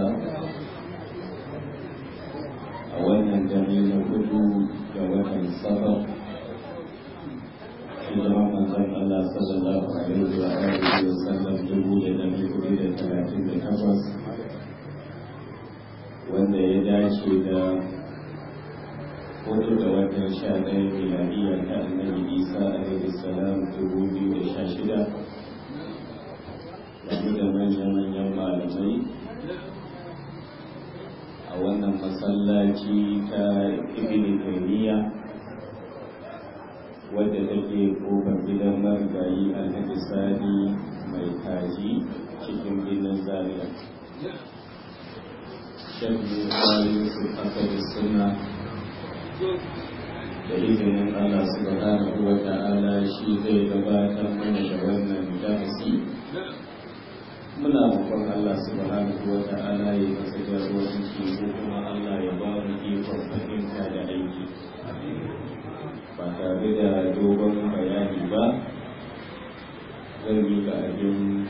a wannan dare na hudu ga watan safar hijiran manzon Allah sallallahu alaihi wa alihi wa sallam dubu da dari hudu da talatin da takwas wanda ya dace da hudu da watan sha ɗaya miladiya ta annabi isa alaihi salam dubu biyu da sha shida da manyan manyan malamai a wannan masallaci ta ibini taymiya wadda take kofar gidan margayi alhaji sani mai taji cikin gidan zariya shan bukari su asali suna da izinin allah su ga ta'ala shi zai gabatar mana da wannan darasi muna roƙon Allah subhanahu wa ta'ala ya wasu jagoranci ko kuma Allah ya ba mu ikon fahimta da aiki ba tare da dogon bayani ba zan yi ga abin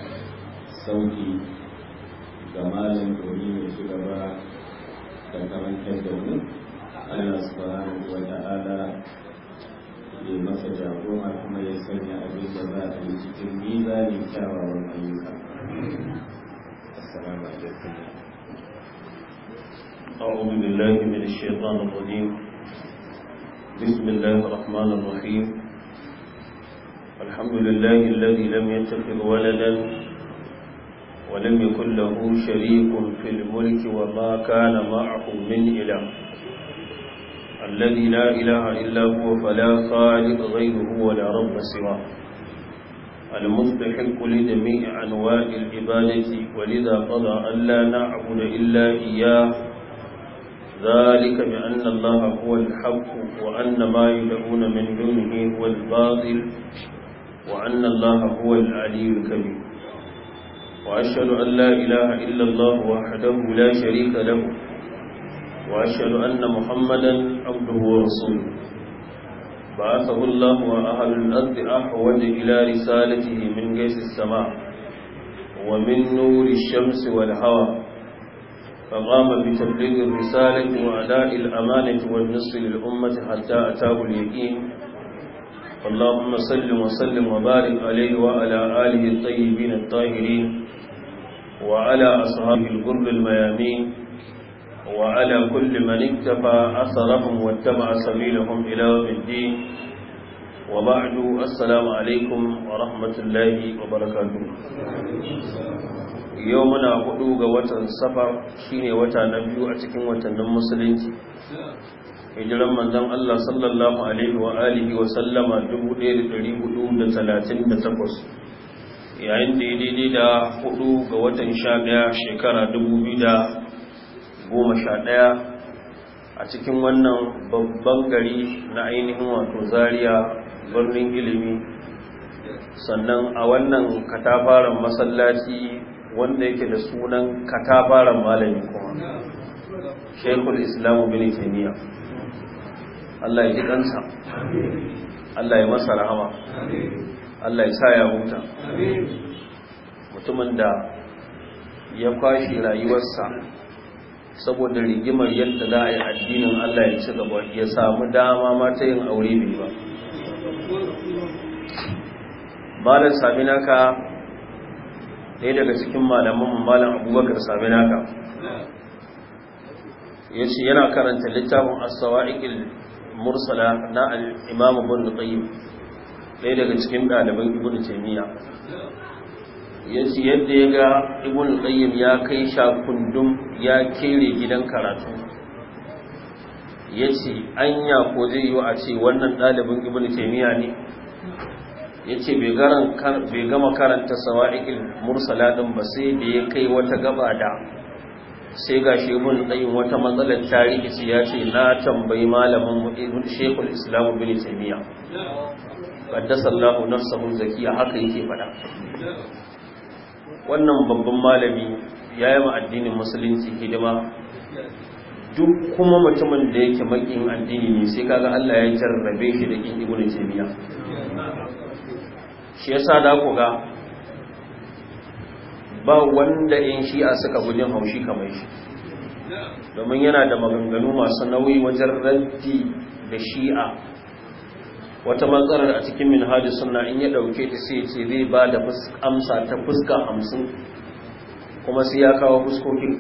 sauki ga malam domin mai cigaba gaba da karantar da mu Allah subhanahu wa ta'ala ya masa jagora kuma ya sanya abin da za a yi cikin mizani kyawawan ayyuka السلام عليكم أعوذ بالله من الشيطان الرجيم بسم الله الرحمن الرحيم الحمد لله الذي لم يتخذ ولدا ولم يكن له شريك في الملك وما كان معه من إله الذي لا إله إلا هو فلا خالق غيره ولا رب سواه المستحق لجميع أنواع العبادة ولذا قضى ألا نعبد إلا إياه ذلك بأن الله هو الحق وأن ما يدعون من دونه هو الباطل وأن الله هو العلي الكبير وأشهد أن لا إله إلا الله وحده لا شريك له وأشهد أن محمدا عبده ورسوله بعثه الله وأهل الأرض أحوج إلى رسالته من قيس السماء ومن نور الشمس والهوى فقام بتبليغ الرسالة وأداء الأمانة والنصف للأمة حتى أتاه اليقين اللهم صل وسلم وبارك عليه وعلى آله الطيبين الطاهرين وعلى أصحابه الغر الميامين وعلى كل من اكتفى أثرهم واتبع سبيلهم إلى يوم الدين وبعد السلام عليكم ورحمة الله وبركاته يومنا قدو قوة سفر شيني وتا نبيو أتكين وتا نمسلين hijiran manzon Allah sallallahu alaihi wa alihi wa sallama 1438 yayin da daidai da 4 ga watan 11 shekara 2000 goma sha ɗaya a cikin wannan babban gari na ainihin wato zariya birnin ilimi sannan a wannan katafaren masallaci wanda yake da sunan katafaren malami kuma shekul islamu bin taimiyya Allah ya ji ɗansa Allah ya masa rahama Allah ya sa ya huta mutumin da ya kwashi rayuwarsa saboda rigimar yadda za a yi addinin Allah ya ci gaba ya samu dama mata yin aure mai ba malam saminaka ɗaya daga cikin malaman malam abubakar saminaka ya ce yana karanta littafin asawa'ikil mursala na al'imamu bin qayyim ɗaya daga cikin ɗaliban ibn taimiyya. ya ce yadda ya ga ibn qayyim ya kai shakundun ya kere gidan karatu ya ce anya ko zai yi a ce wannan ɗalibin ibn taimiyya ne ya ce bai gama karanta mursala ɗin ba sai da ya kai wata gaba da sai ga shebun ɗayin wata matsalar tarihi ya ce na tambayi malamin shekul islamu bin taimiyya ƙaddasar lahu nafsahun zakiya haka yake faɗa wannan babban malami ya yi wa addinin musulunci hidima duk kuma mutumin da yake makin addini ne sai kaga Allah ya jarrabe shi da kin ibnu taymiya shi yasa da ku ga ba wanda in shi'a suka gujin haushi kamar shi domin yana da maganganu masu nauyi wajen raddi da shi'a wata matsalar a cikin minhajin sunna in ya dauke ta sai ce zai ba da amsa ta fuska hamsin kuma sai ya kawo fuskokin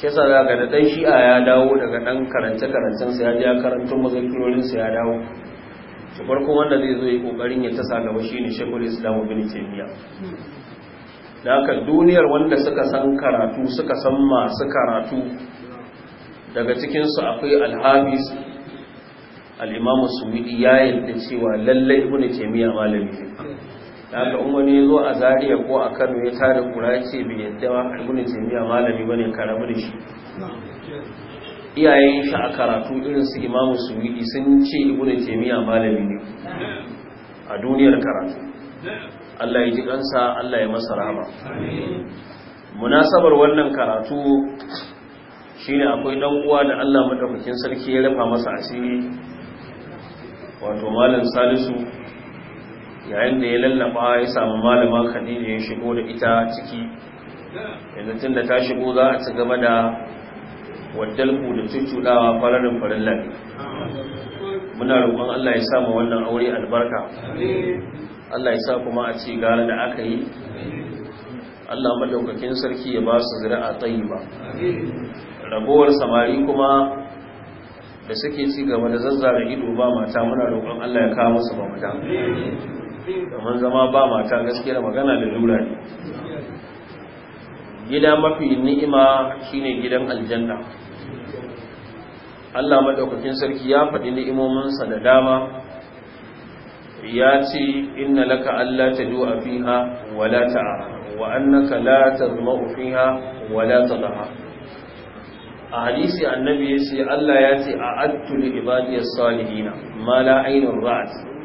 shi sa za ga da ɗan shi'a ya dawo daga ɗan karance-karancensa ya ja karantun mazakirorinsa ya dawo su farko wanda zai zo yi ƙoƙarin ya tasa gaba shi ne shekul islamu bin taimiyya da haka duniyar wanda suka san karatu suka san masu karatu daga cikin su akwai alhamis al'imamu suwidi ya yadda cewa lallai ibn taimiyya malami da haka in ya zo a zariya ko a kano ya tada kura ya ce bai yadda ba ibn taymiya malami bane karamu da shi iyayen shi a karatu irin su imamu suwidi sun ce ibn jami'a malami ne a duniyar karatu Allah ya ji kansa Allah ya masa rama munasabar wannan karatu shine akwai dan uwa da Allah madaukakin sarki ya rafa masa asiri wato malam salisu yayin da ya lallaba ya samu malama khadija ya shigo da ita ciki yanzu tun da ta shigo za a ci gaba da waddalku da cuccuɗawa fararin farin lafi muna roƙon allah ya samu wannan aure albarka allah ya sa kuma a ci gara da aka yi allah maɗaukakin sarki ya ba su zira'a tsayi ba ragowar samari kuma da suke ci gaba da zazzara ido ba mata muna roƙon allah ya kawo musu ba mata kamar zama ba mata gaske da magana da lalura ne gida mafi ni'ima shine gidan aljanna Allah madaukakin sarki ya faɗi ni'imominsa da dama ya ce inna laka alla tajua fiha wala ta'a wa annaka la tazma'u fiha wala tadha a hadisi annabi ya ce Allah ya ce a'adtu li ibadiyas salihina ma la aynur ra'at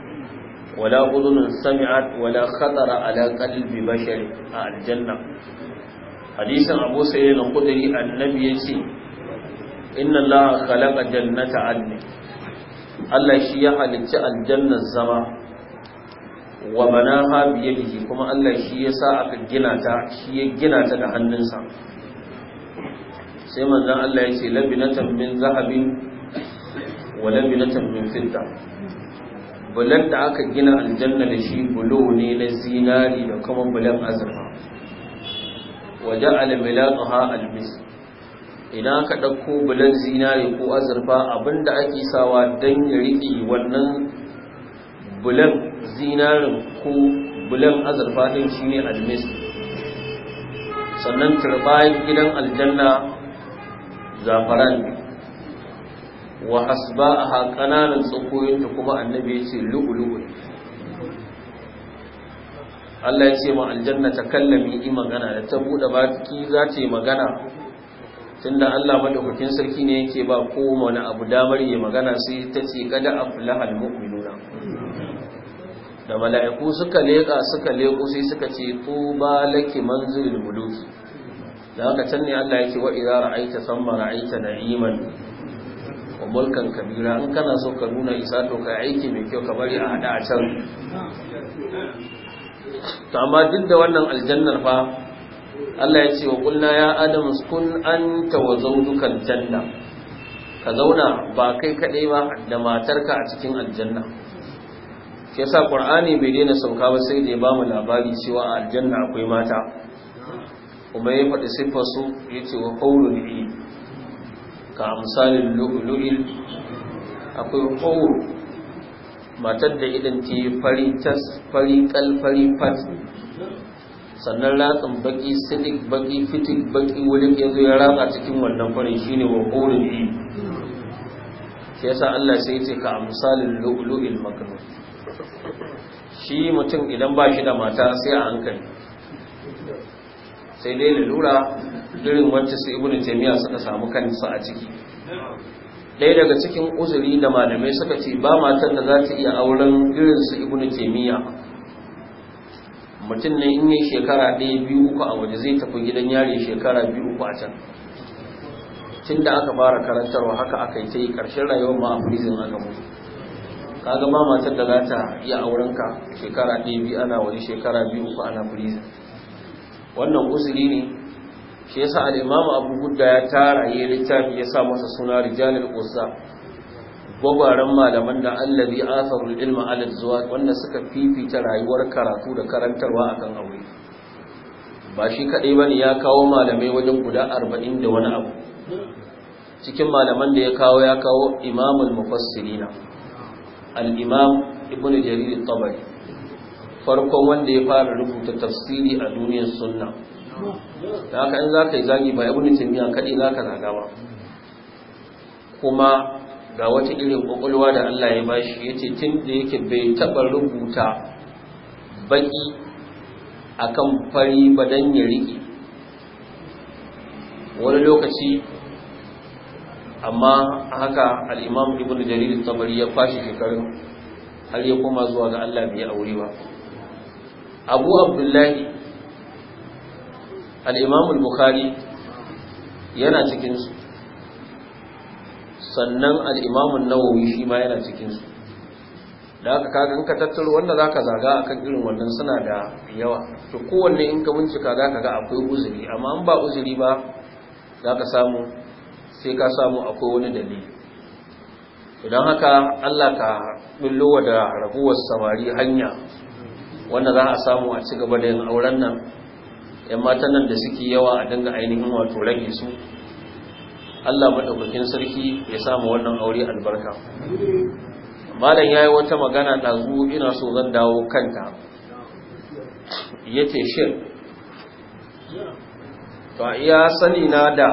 wala udunun sami'at wala khatara ala qalbi bashar a aljanna hadisin abu sayyid al-khudri annabi yace inna allaha khalaqa jannata adn Allah shi ya halicci aljannar zama wa manaha biyadihi kuma Allah shi ya sa aka gina ta shi ya gina ta da hannunsa sai manzon Allah ya ce labinatan zahabin wa bulan da aka gina aljanna da shi bulo ne na zinari da kuma bulan azurfa waje ha almis idan aka ɗauko bulan zinari ko azurfa abinda ake sawa don ya riƙe wannan bulan zinarin ko bulan azurfa ɗin shine almis sannan turbayin gidan aljanna zafaran wa asba'aha kananan tsakoyinta kuma annabi ya ce lu'ulu'u Allah ya ce ma aljanna ta kallami yi magana da ta buɗe baki za ta yi magana tunda Allah madaukakin sarki ne yake ba wani abu damar yi magana sai ta ce kada aflahal mu'minuna da mala'iku suka leƙa suka leƙo sai suka ce tuba laki manzilul muluki da haka can ne Allah yake wa idza ra'aita ra'aita na'iman wa mulkan kabira in kana so ka nuna isa to ka aiki mai kyau ka bari a hada a can to amma duk da wannan aljannar fa Allah ya ce wa kulna ya adam kun anta wa zawjuka aljanna ka zauna ba kai kaɗai ba da matarka a cikin aljanna shi sa qur'ani bai daina sauka ba sai da ya bamu labari cewa a aljanna akwai mata kuma ya faɗi siffar su yace wa qawlul ka misalin lu'ulu'il akwai ƙoro matar da idan ce fari tas fari kalfari fat sannan ratsin baki silik baki fitik baki wani ya zo ya ratsa cikin wannan farin ne wa ƙorin yi shi yasa Allah sai ce ka misalin lu'ulu'il maknun shi mutum idan ba shi da mata sai a hankali sai dai lura irin wacce sai ibnu taymiya suka samu kansa a ciki ɗaya daga cikin uzuri da malamai suka ce ba matan da za ta iya auren irin su ibnu taymiya mutum ne in yi shekara ɗaya biyu uku a waje zai tafi gidan yari shekara biyu uku a can tun da aka fara karantarwa haka aka yi ta yi ƙarshen rayuwar ma a prison aka mutu kaga ma matar da za ta iya aurenka shekara ɗaya biyu ana waje shekara biyu uku ana prison wannan uzuri ne shi yasa al-imamu abu gudda ya tara yi littafi ya sa masa suna rijalul ƙusa. gwagwaran malaman da allazi atharul ilma ala zuwa wanda suka fifita rayuwar karatu da karantarwa akan aure ba shi kadai bane ya kawo malamai wajen guda arba'in da wani abu cikin malaman da ya kawo ya kawo imamul mufassirina al-imam ibnu jarir at-tabari farkon wanda ya fara rubuta tafsiri a duniyar sunna da haka in za ka yi zagi ba ibn miya kaɗai za ka zaga ba kuma ga wata irin ƙwaƙwalwa da Allah ya bashi ya ce tun da yake bai taɓa rubuta baƙi kan fari ba don ya riƙe wani lokaci amma haka al'imam ibn jarir tabari ya kwashe shekarun har ya koma zuwa ga Allah bai aure ba abu abdullahi al'imamul bukhari yana cikinsu sannan al'imamun nawawi shi ma yana cikinsu da aka in ka tattaro wanda za ka zaga a kan irin wannan suna da yawa to kowanne in ka bincika za ka ga akwai uzuri amma an ba uzuri ba za ka samu sai ka samu akwai wani dalili idan haka allah ka billowa da raguwar samari hanya wanda za a samu a ci gaba da yin auren nan yan matan nan da suke yawa a dinga ainihin wato rage su Allah madaukakin sarki ya samu wannan aure albarka malam yayi wata magana dazu ina so zan dawo kanta yace shin to iya sani na da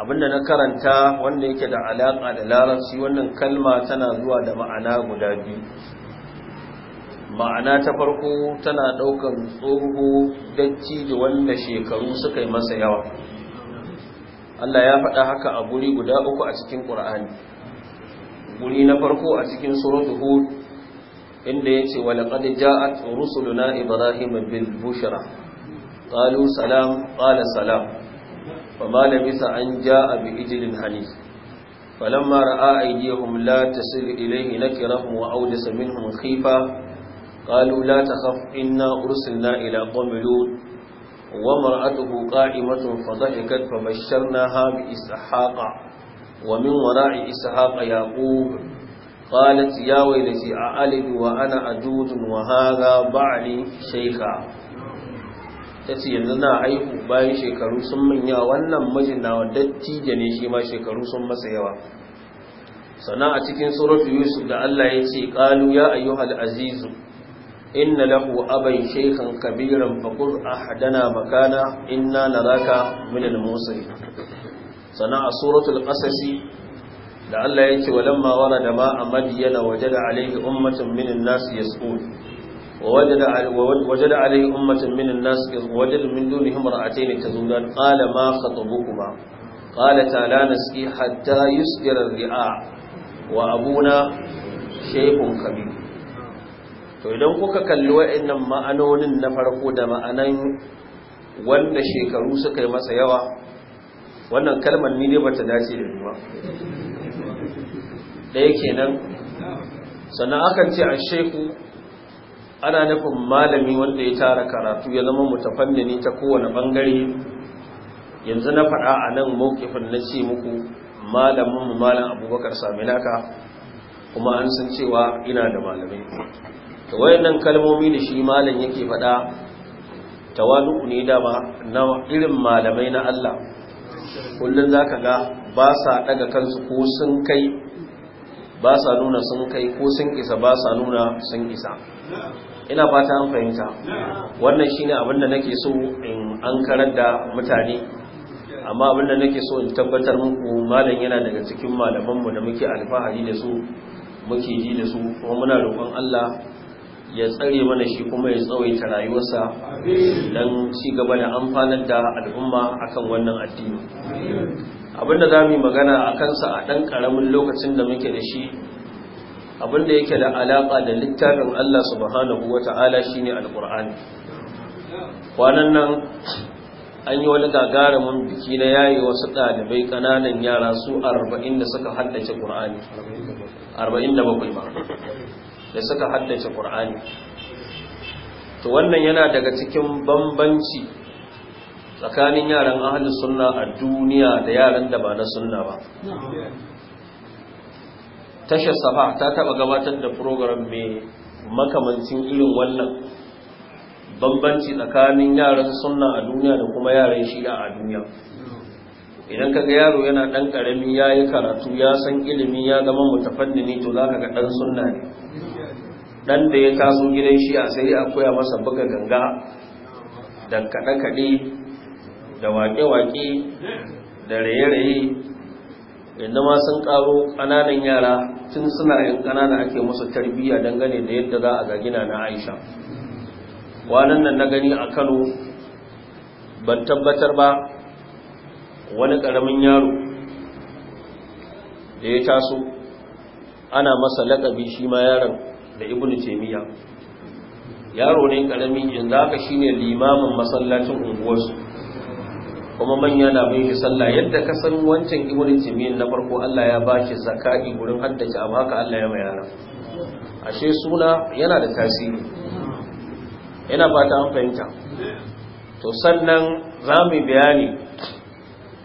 abinda na karanta wanda yake da alaƙa da larabci wannan kalma tana zuwa da ma'ana guda biyu ma'ana ta farko tana ɗaukan tsoho dattijo wanda shekaru suka yi masa yawa Allah ya faɗa haka a guri guda uku a cikin ƙur'ani guri na farko a cikin suratul hud inda yace wa laqad ja'at rusuluna ibrahima bil bushra qalu salam qala salam fama labisa an ja'a bi ijlin hanif falamma ra'a aydihim la tasil ilayhi nakirahum wa awjasa minhum khifa قالوا لا تخف إنا أرسلنا إلى قوم لوط ومرأته قائمة فضحكت فبشرناها بإسحاق ومن وراء إسحاق يعقوب قالت يا ويلتي أألد وأنا أجود وهذا بعلي شيخا tace yanzu na haihu bayan shekaru sun manya wannan mijin na dattijo ne shi ma shekaru sun masa yawa sana a cikin suratu yusuf da allah ya ce qalu ya ayyuhal azizu inna lahu aban shaykhan kabiran faqul ahdana makana inna na raka al-musil sana a suratul qasasi da Allah yake walamma da ma amadiyana wajada alayhi ummatan min an-nas yasqul ووجد وجد عليه أمة من الناس وجد من دونهم امرأتين تزودان قال ما خطبكما قالتا لا نسقي حتى يسقر الرعاء وأبونا شيخ كبير to idan kuka kalli wa'annan ma'anonin na farko da ma'anan wanda shekaru suka yi masa yawa wannan kalmar ni ne bata dace da ba ɗaya kenan sannan akan ce a sheku ana nufin malami wanda ya tara karatu ya zama mutafannini ta kowane bangare yanzu na faɗa a nan mawkifin na ce muku malamin mu malam abubakar saminaka kuma an san cewa ina da malamai ta wayannan kalmomi da shi malam yake faɗa tawadu'u ne da na irin malamai na Allah kullun zaka ga ba sa daga kansu ko sun kai ba sa nuna sun kai ko sun isa ba sa nuna sun isa ina fata an fahimta wannan shine abin da nake so in an karar da mutane amma abin da nake so in tabbatar muku malam yana daga cikin mu da muke alfahari da su muke ji da su kuma muna roƙon Allah ya tsare mana shi kuma ya tsawaita rayuwarsa don ci gaba da amfanar da al'umma akan wannan addini abinda za mu magana a kansa a ɗan ƙaramin lokacin da muke da shi abinda yake da alaƙa da littafin Allah subhanahu wa ta'ala shi ne alƙur'ani kwanan nan an yi wani gagarumin biki na yayi wasu ɗalibai ƙananan yara su arba'in da suka haddace ƙur'ani arba'in da bakwai ba da suka haddace ƙur'ani to wannan yana daga cikin bambanci tsakanin yaran ahli sunna a duniya da yaran da ba na sunna ba tashar safa ta taɓa gabatar da program mai makamancin irin wannan bambanci tsakanin yaran sunna a duniya da kuma yaran shi'a a duniya idan ka ga yaro yana ɗan karami ya yi karatu ya san ilimi ya zama mutafannini to za ka ga ɗan sunna ne dan da ya kaso gidan shi a sai a koya masa buga ganga dan kaɗe-kaɗe da waƙe-waƙe da raye-raye inda ma sun ƙaro ƙananan yara tun suna yin ƙanana ake musu tarbiyya dangane da yadda za a ga gina na aisha kwanan nan na gani a kano ban tabbatar ba wani ƙaramin yaro da ya taso ana masa laƙabi shi ma yaron da ibn taymiya yaro ne karami yanzu haka shine limamin masallacin unguwarsu kuma manya na bai shi sallah yadda ka san wancan ibn taymiya na farko Allah ya bashi zakati gurin haddace amma haka Allah ya mayara ashe suna yana da tasiri yana fata an fahimta to sannan za mu bayani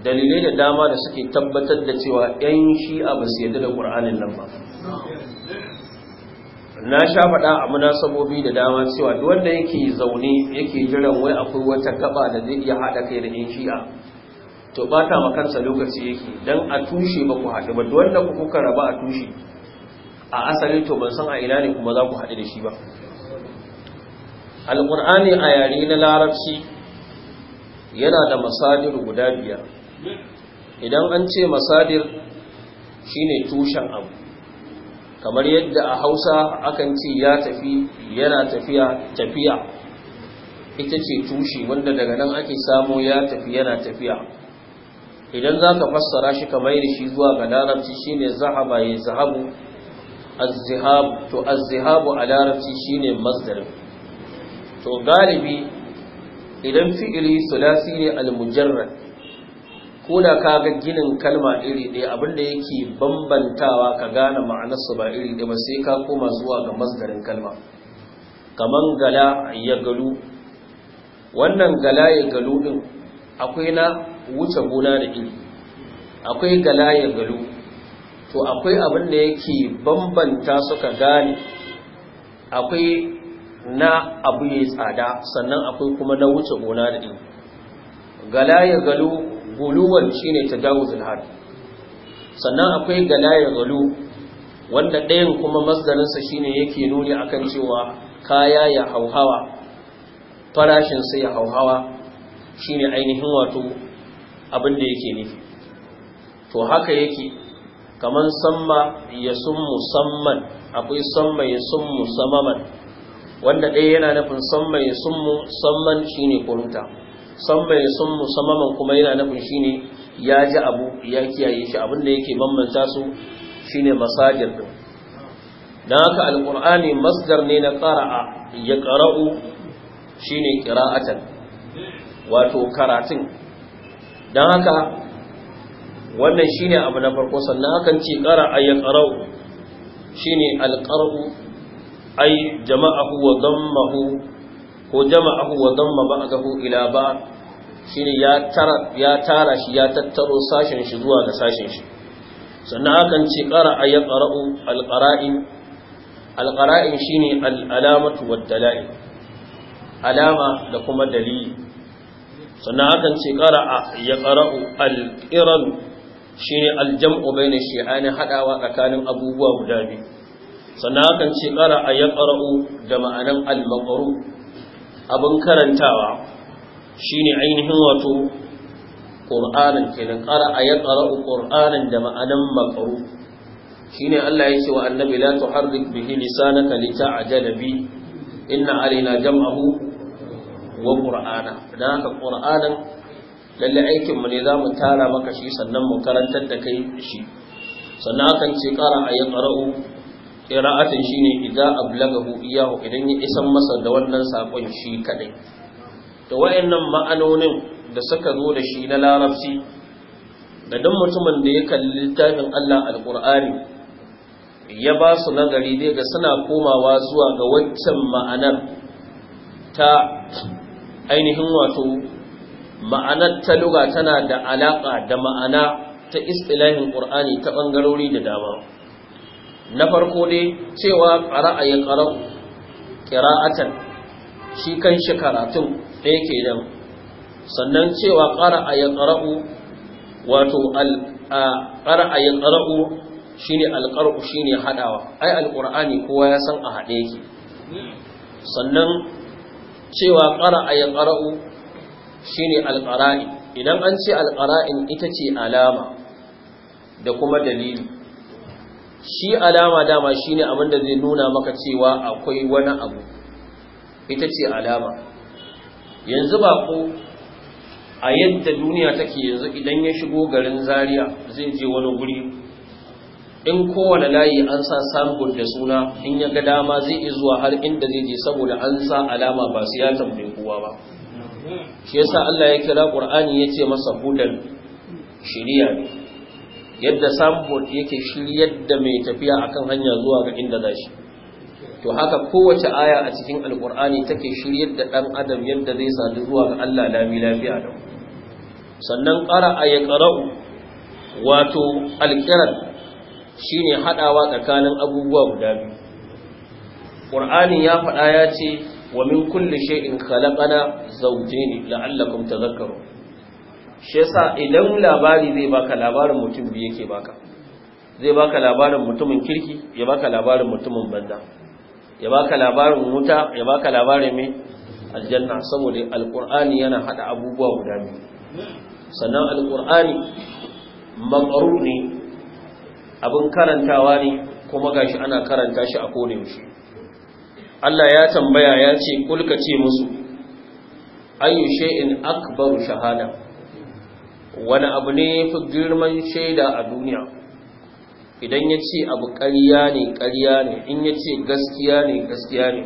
dalilai da dama da suke tabbatar da cewa 'yan shi'a ba su yadda da ƙur'anin nan ba na sha faɗa a sabobi da dama cewa duk wanda yake zaune yake jiran wai akwai wata gaba da zai iya haɗa kai da yan shi'a to ta ma kansa lokaci yake dan a tushe ba ku haɗu ba duk wanda ku kuka raba a tushe a asali to ban san a ina ne kuma za ku haɗu da shi ba alqur'ani a yare na larabci yana da masadir guda biyar idan an ce masadir shine tushen abu kamar yadda a hausa akan ce ya tafi yana tafiya tafiya ita ce tushe wanda daga nan ake samu ya tafi yana tafiya idan za ka fassara shi kamar da shi zuwa ga larabci shine zahaba ya zahabu to azzihabu a larabci shine mazdarin to galibi idan fi'ili sulasi ne al ko da ka ga ginin kalma iri ɗaya abinda yake bambantawa ka gane ma'anarsa ba iri ɗaya ba sai ka koma zuwa ga mazgarin kalma kaman gala ya galu wannan gala ya galu ɗin akwai na wuce gona da iri akwai gala ya galu to akwai abin da yake bambanta suka gane akwai na abu ya tsada sannan akwai kuma na wuce gona da iri gala ya galu. guluwan shine tajawuzul had sannan akwai galaya galu wanda ɗayan kuma masdarinsa ne yake nuni akan cewa kaya ya hauhawa farashinsa ya hauhawa ne ainihin wato abin yake nufi to haka yake kamar samma ya sun musamman akwai samma ya sun musamman wanda ɗaya yana nufin samma ya sun musamman shi ne kurunta san mai sun musamman kuma yana nufin shine ya ji abu ya kiyaye shi abin da yake bambanta su shine masajir din dan haka alqur'ani masdar ne na qara'a ya qara'u shine qira'atan wato karatun dan haka wannan shine abu na farko sannan hakan ce qara'a ya qara'u shine alqara'u ay jama'ahu wa dammahu ko jama'ahu wa damma ba'dahu ila ba shine ya tara ya tara shi ya tattaro sashen shi zuwa ga sashen shi sannan akan ce qara'a yaqra'u alqara'in alqara'in shine al-alamatu wad-dala'il alama da kuma dalili sannan akan ce ya yaqra'u al-qiran shine al-jam'u bayna shay'ani hadawa tsakanin abubuwa guda biyu sannan akan ce ay qara'u da ma'anan al-maqru abin karantawa shine ainihin wato ƙur'anin kenan ƙara a ya ƙara'u ƙur'anin da ma'anan makaru shine Allah ya ce wa annabi la tuharrik bihi lisanaka a bi inna alaina jam'ahu wa qur'ana dan haka qur'anin lalle aikin mu ne zamu tara maka shi sannan mu karantar da kai shi sannan akan ce ƙara a ya ƙara'u qira'atin shine idza ablagahu iyahu idan ya isan masa da wannan saƙon shi kadai Da wayannan ma'anonin da suka zo da shi na larabci da don mutumin da ya kalli littafin Allah Alƙur'ani ya ba su nagari dai ga suna komawa zuwa ga waccan ma'anar ta ainihin wato ma'anar ta luga tana da alaƙa da ma'ana ta istilahin ƙur'ani ta ɓangarori da dama na farko dai cewa ƙara'a ya ƙarau ƙira'atan shi kan shi karatun ɗaya ke nan sannan cewa ƙara'a ya ƙara'u wato ƙara'a ƙara ƙara'u shi ne alƙar'u shi ne haɗawa ai alƙur'ani kowa ya san a haɗe yake sannan cewa ƙara'a ya ƙara'u shi ne idan an ce alƙara'in ita ce alama da kuma dalili shi alama dama shine abin da zai nuna maka cewa akwai wani abu ita ce alama yanzu ba ku a yadda duniya take yanzu idan ya shigo garin Zariya zai je wani guri in kowane layi an sa sample da suna in ya ga dama zai iya zuwa har inda zai je saboda an sa alama ba su ya tambayi kowa ba shi yasa Allah ya kira Qur'ani yace masa hudan shiriya ne yadda sambon yake shiryar da mai tafiya akan hanya zuwa ga inda za shi to haka kowace aya a cikin alkur'ani take shiryar da ɗan adam yadda zai sadu zuwa ga allah lami lafiya da sannan ƙara a ya ƙara'u wato alkiran shine haɗawa tsakanin abubuwa guda biyu ƙur'ani ya faɗa ya ce wa min kulli shay'in khalaqana zawjayn la'allakum tadhakkarun shi yasa idan labari zai baka labarin mutum biyu yake baka zai baka labarin mutumin kirki ya baka labarin mutumin banza ya baka labarin wuta ya baka labarin mai aljanna saboda alqur'ani yana hada abubuwa guda biyu sannan alqur'ani maqru ne abin karantawa ne kuma gashi ana karanta shi a kone shi. Allah ya tambaya ya ce kulka ce musu ayyu shay'in akbaru shahada wani abu ne fi girman shaida a duniya idan ya ce abu ƙarya ne ƙarya ne in ya ce gaskiya ne gaskiya ne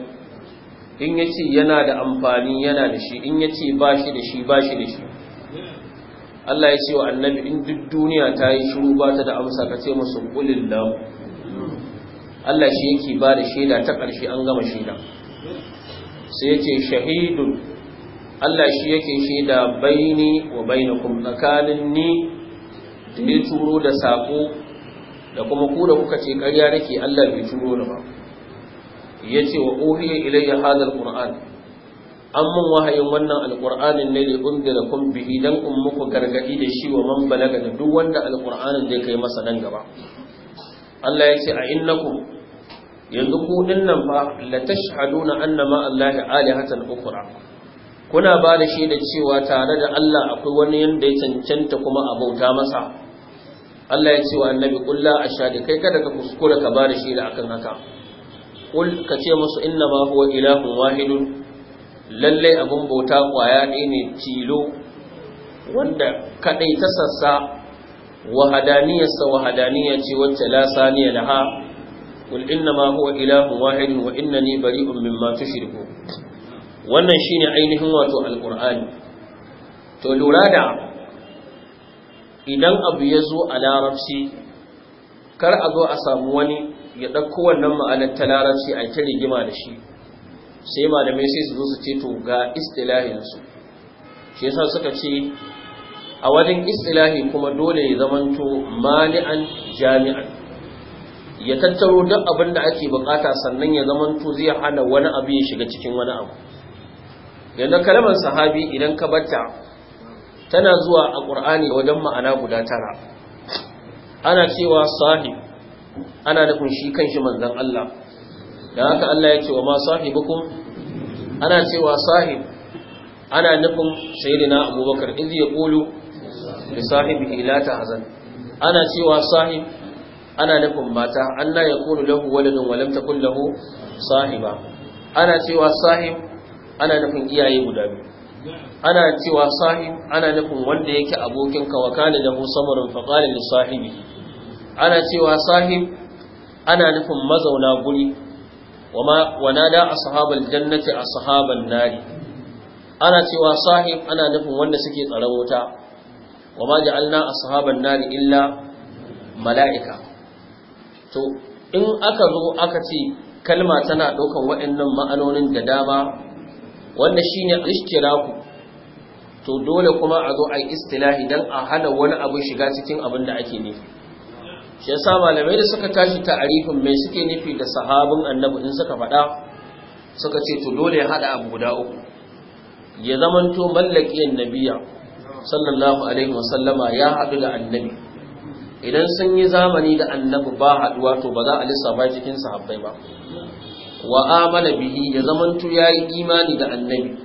in ya ce yana da amfani yana da shi in ya ce ba shi da shi ba shi da shi Allah ya ce wa annabi in duk duniya ta yi shiru ba ta da amsa ka ce musu kulin lam Allah shi yake ba da shaida ta ƙarshe an gama shaida sai ya ce shahidun Allah shi yake shaida baini wa bainakum tsakanin ni da ni turo da sako da kuma ku da kuka ce ƙarya nake Allah bai turo ni ba yace wa uhiya ilayya hadar alquran an mun wahayin wannan alqur'anin ne da kun bihi don in muku gargadi da shi wa man balaga da duk wanda alqur'anin zai kai masa nan gaba Allah yace a innaku yanzu ku nan fa la tashhaduna annama Allah alihatan ukhra kuna ba da shi da cewa tare da Allah akwai wani yanda ya cancanta kuma a bauta masa Allah ya ce wa annabi kulla ashadi kai kada ka kuskura ka ba da shi da akan haka kul ka ce musu inna ma huwa ilahu wahidun lalle abun bauta kwaya ɗaya ne tilo wanda kadai ta sassa wahadaniyarsa wahadaniya ce wacce la saniya laha kul inna ma huwa ilahu wahidun wa innani bari'un mimma tushriku wannan shine ainihin wato alƙur'ani to lura da idan abu ya zo a larabci kar a zo a samu wani ya ɗauko wannan ma'anar ta larabci a ta rigima da shi sai malamai sai su zo su ce to ga istilahinsu shi yasa suka ce a wajen istilahi kuma dole ya zamanto mali'an jami'an ya tattaro duk abin da ake bukata sannan ya zamanto zai hana wani abu ya shiga cikin wani abu yadda kalmar sahabi idan ka batta tana zuwa a ƙur'ani wajen ma'ana guda tara ana cewa sahi ana nufin shi kan shi manzan Allah da haka Allah ya ce wa ma sahi sahibukum ana cewa sahi ana nufin sayyidina abubakar idh yaqulu li sahibihi la tahzan ana cewa sahi ana nufin mata an na ya yakunu lahu waladun walamta lam takul lahu sahiba ana cewa sahib ana nufin iyaye guda biyu ana cewa sahib ana nufin wanda yake abokin ka wa da musamman fa li sahibi ana cewa sahib ana nufin mazauna guri wama wanada ashabal jannati ashaban nari ana cewa sahib ana nufin wanda suke tsare wuta wama ja'alna ashaban nari illa mala'ika to in aka zo aka ce kalma tana ɗaukan waɗannan ma'anonin da dama wanda shine ishtiraku to dole kuma a zo a yi istilahi dan a hana wani abu shiga cikin abin da ake nufi shi yasa malamai da suka tashi ta'arifin mai suke nufi da sahabin annabi in suka faɗa suka ce to dole ya hada abu guda uku ya zamanto mallakiyar nabiya sallallahu alaihi wasallama ya hadu da annabi idan sun yi zamani da annabi ba haɗuwa, to ba za a lissafa cikin sahabbai ba wa amana bihi ya zamanto yi imani da annabi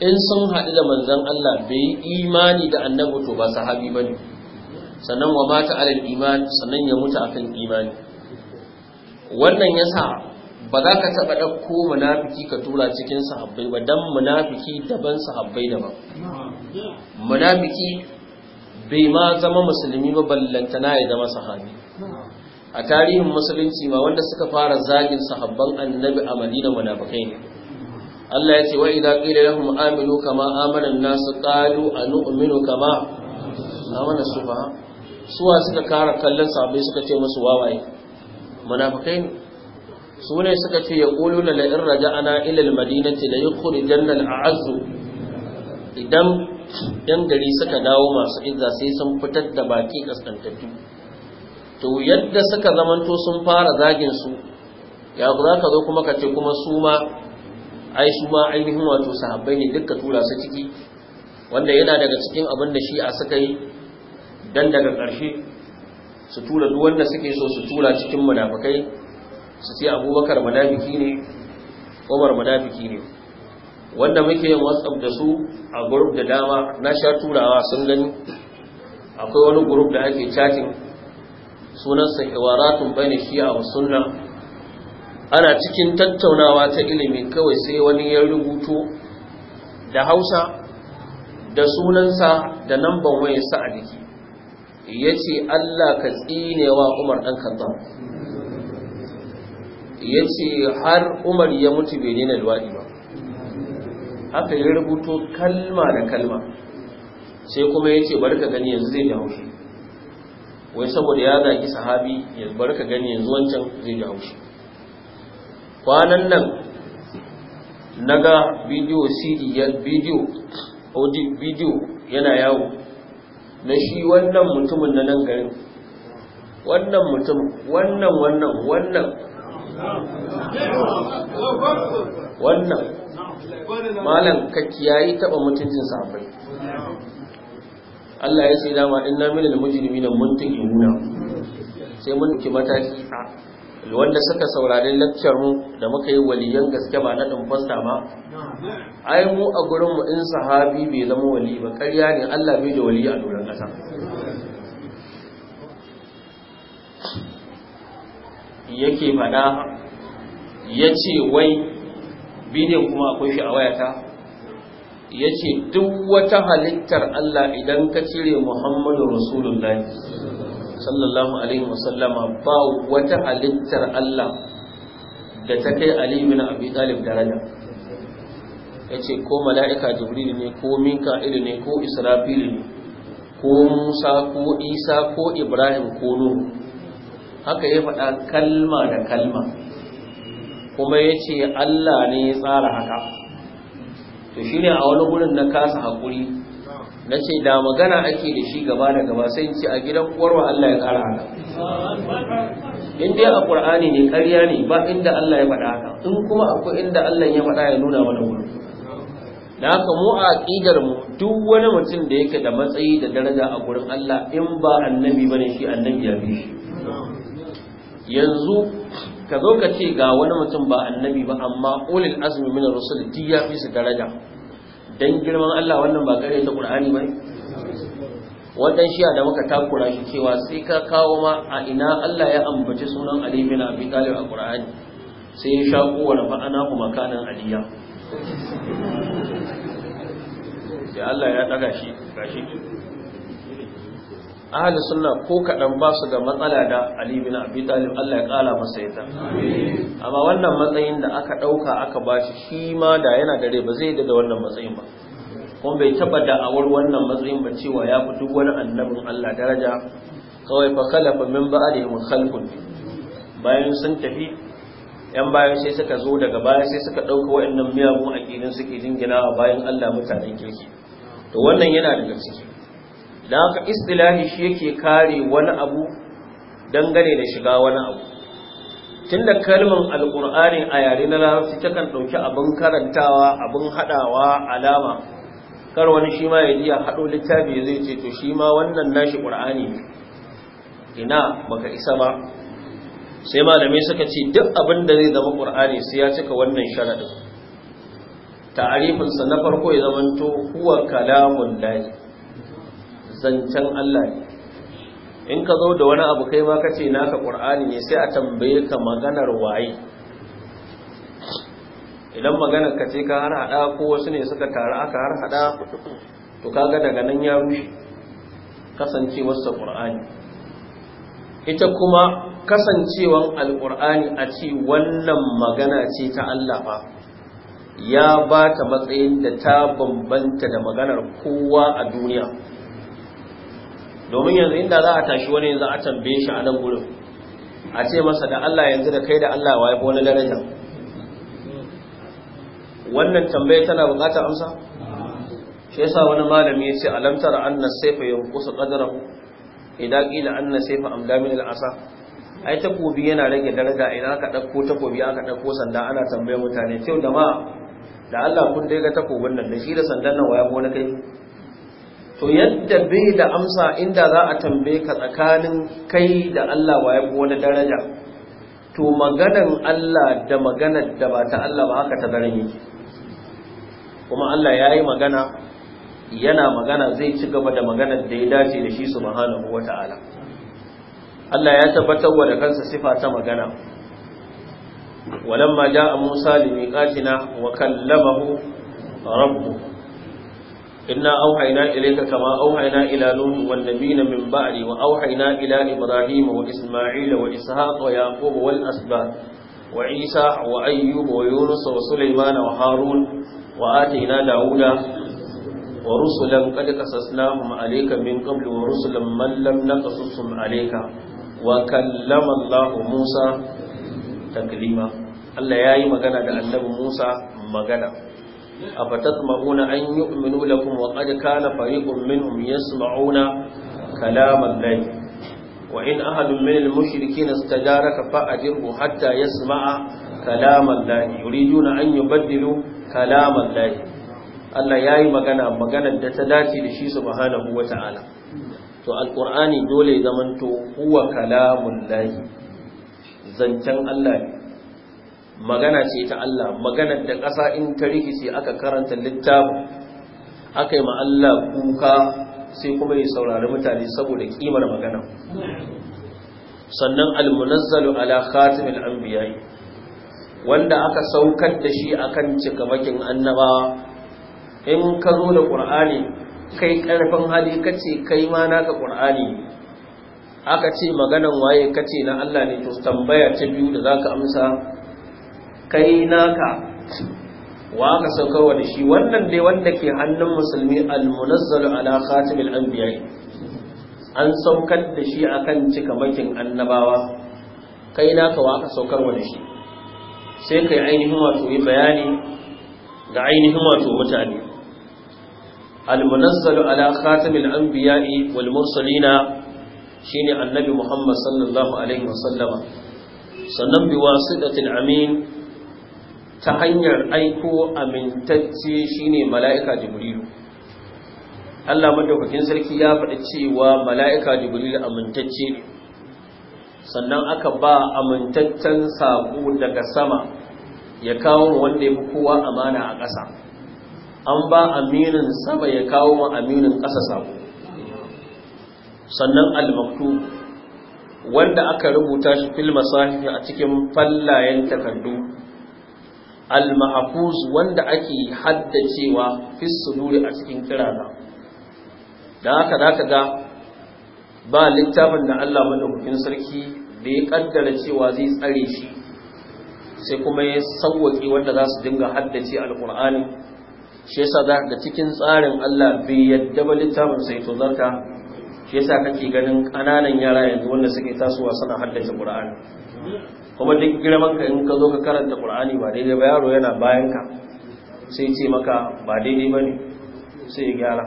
in sun haɗu da manzan Allah bai yi imani da annabi to ba sahabi ne, sannan wa mata alal iman sannan ya mutu akan imani wannan ya sa ba za ka taɓa ɗauko munafiki ka tura cikin sahabbai ba dan munafiki daban sahabbai daban munafiki bai ma zama musulmi ba ballantana ya zama sahabi a tarihin musulunci ma wanda suka fara zagin sahabban annabi a madina munafikai ne Allah ya ce wa idza qila lahum aminu kama amana an-nas qalu anu'minu kama amana suba suwa suka kara kallon sahabbai suka ce musu wawaye munafikai ne su ne suka ce yaquluna la in raja'ana ila al-madinati la yukhrijanna al-a'azzu idan yan gari suka dawo masu izza sai sun fitar da baki kaskantattu to yadda suka zamanto sun fara zagin su ya za ka zo kuma ka ce kuma su ma ai su ma ainihin wato sahabbai ne duka tura su ciki wanda yana daga cikin abin da shi'a suka yi dan daga ƙarshe su tura duk wanda suke so su tura cikin munafikai su ce abubakar munafiki ne umar munafiki ne wanda muke yin whatsapp da su a group da dama na sha turawa sun gani akwai wani group da ake chatting sunansa hiwaratun bane shi'a wa sunna ana cikin tattaunawa ta ilimi kawai sai wani ya rubuto da hausa da sunansa da namban sa a jiki ya ce allah ka tsinewa umar dan kaza ya ce har umar ya mutu bai na luwaɗi ba haka ya rubuto kalma da kalma sai kuma yace, ce gani yanzu zai da haushi wai saboda ya zaki sahabi ya bar ka gani yanzu wancan zai ji haushi kwanan nan na ga bidiyo cd ya bidiyo audi bidiyo yana yawo na shi wannan mutumin na nan garin wannan mutum wannan wannan wannan wannan malam ka kiyayi taba mutuncin safai Allah ya ce dama inna minal mujrimina muntakimuna sai mun ki mataki wanda suka saurari lakcar mu da muka yi waliyan gaske ba na dan fasta ba? ai mu a gurin mu in sahabi bai zama wali ba ƙarya ne Allah bai da wali a doron ƙasa yake fada ya ce wai bidiyon kuma akwai shi a wayata ya ce duk wata halittar allah idan ka cire muhammadu rasulullahi sallallahu alaihi wasallama ba wata halittar allah da ta kai aliyu min abi talib daraja ya ce ko mala'ika jibril ne ko minka ilu ne ko israfil ne ko musa ko isa ko ibrahim ko nuhu haka ya faɗa kalma da kalma kuma ya ce allah ne ya tsara haka to ne a wani gurin na kasa haƙuri. na ce da magana ake da shi gaba da gaba sai ce a gidan uwarwa Allah ya ƙara haka in dai a qur'ani ne ƙarya ne ba inda Allah ya faɗa haka in kuma akwai inda Allah ya faɗa ya nuna mana wurin da haka mu a ƙidar mu duk wani mutum da yake da matsayi da daraja a gurin Allah in ba annabi bane shi annabi ya fi shi yanzu ka zo ka ce ga wani mutum ba annabi ba amma ulil azmi min rusul duk ya fi su daraja dan girman Allah wannan ba kare ta Qur'ani ba wannan shiya da muka takura shi cewa sai ka kawo ma a ina Allah ya ambaci sunan Ali bin Abi Talib a Qur'ani sai ya sha wa rafa'ana kuma kanan aliya sai Allah ya daga shi gashi ahli sunna ko kaɗan ba su ga matsala da Ali bin Abi Talib Allah ya ƙara masa yadda amma wannan matsayin da aka ɗauka aka bashi shi ma da yana da rai ba zai da wannan matsayin ba kuma bai taɓa da'awar wannan matsayin ba cewa ya fi duk wani annabin Allah daraja kawai fa khalafa min ba'dihim khalqun bayan sun tafi yan bayan sai suka zo daga baya sai suka ɗauka waɗannan miyagun aƙidin suke jingina bayan Allah mutanen kirki to wannan yana daga ciki da haka istilahi shi yake kare wani abu dangane da shiga wani abu tunda kalmar alkur'ani a yare na larabci takan ɗauki abin karantawa abin haɗawa alama kar wani shi ma ya iya haɗo littafi zai ce to shi ma wannan nashi ƙur'ani ne ina baka isa ba sai malamai suka ce duk abin da zai zama ƙur'ani sai ya cika wannan sharaɗin ta'arifinsa na farko ya zamanto huwa kalamun lahi zancen Allah ne in ka zo da wani abu kai ma ka ce naka ƙur'ani ne sai a tambaye ka maganar waye idan maganar ka ce ka har hada ko wasu ne suka taru aka har hada to kaga daga nan ya rushe kasancewarsa ƙur'ani ita kuma kasancewan alƙur'ani a ce wannan magana ce ta Allah ba ya ba ta matsayin da ta bambanta da maganar kowa a duniya domin yanzu inda za a tashi wani yanzu a tambaye shi a nan gurin a ce masa da Allah yanzu da kai da Allah wa yafi wani daraja wannan tambaye tana bukatar amsa shi yasa wani malami ya ce alam tara anna sayfa yanqusu qadarahu idan qila anna sayfa amda min al-asa ai takobi yana rage daraja idan aka dauko takobi aka dauko sanda ana tambaye mutane cewa da ma da Allah kun dai ga takobin nan da shi da sandan nan waya ko na kai to yadda bai da amsa inda za a tambaye ka tsakanin kai da Allah wa ya wani daraja to maganan Allah da maganar da ba ta Allah ba haka ta daren yake kuma Allah ya yi magana yana magana zai ci gaba da maganar da ya dace da shi su subhanahu ta'ala. Allah ya tabbatar wa da kansa sifa ta magana walamma a Musa limiqatina wa kallamahu rabu. إنا أوحينا إليك كما أوحينا إلى نوح والنبيين من بعد وأوحينا إلى إبراهيم وإسماعيل وإسحاق ويعقوب والأسباط وعيسى وأيوب ويونس وسليمان وهارون وآتينا داود ورسلا قد قصصناهم عليك من قبل ورسلا من لم نقصصهم عليك وكلم الله موسى تكليما الله يا magana da annabi Musa magana أفتطمعون أن يؤمنوا لكم وقد كان فريق منهم يسمعون كلام الله وإن أحد من المشركين استجارك فأجره حتى يسمع كلام الله يريدون أن يبدلوا كلام الله Allah ya yi magana maganar da ta dace da shi subhanahu wa ta'ala. To, Al'ur'ani dole zamanto huwa kalamun lahi, zancen Allah ne. magana ce ta Allah maganar da ƙasa in ta rikice aka karanta littafin aka yi Allah kuka sai kuma ya saurari mutane saboda ƙimar magana sannan almunazzalu ala khatimil anbiya'i wanda aka saukar da shi akan cikamakin annaba in ka zo da qur'ani kai karfin hali kace kai ma naka ƙur'ani. aka ce maganan waye kace na Allah ne to tambaya ta biyu da zaka amsa kai naka wa aka saukarwa da shi wannan dai wanda ke hannun musulmi almunazzalu ala khatimil anbiya an saukar da shi akan cikamakin annabawa kai naka wa aka saukarwa da shi sai kai ainihin wato yi bayani ga ainihin wato mutane almunazzalu ala khatimil anbiya wal mursalina shine annabi muhammad sallallahu alaihi wasallama sannan biwasitatil amin ta hanyar aiko amintacce shine mala'ika jibrilu Allah madaukakin sarki ya faɗi cewa mala'ika jibrilu amintacce ne sannan aka ba amintaccen saƙo daga sama ya kawo wanda ya fi kowa amana a ƙasa an ba aminin sama ya kawo wa aminin ƙasa saƙo sannan al maktu wanda aka rubuta shi fil masahifi a cikin fallayen takardu al-mahfuz wanda ake haddacewa fi suduri a cikin kirana da haka zaka ga ba littafin da Allah madaukakin sarki da ya kaddara cewa zai tsare shi sai kuma ya sauwake wanda za su dinga haddace al al-Qur'ani shi yasa da ga cikin tsarin Allah bai yadda ba littafin sai to zarka shi yasa kake ganin ƙananan yara yanzu wanda suke tasowa suna haddace qur'ani kuma duk girman ka in ka zo ka karanta qur'ani ba daidai ba yaro yana bayan ka sai ce maka ba daidai bane sai ya gyara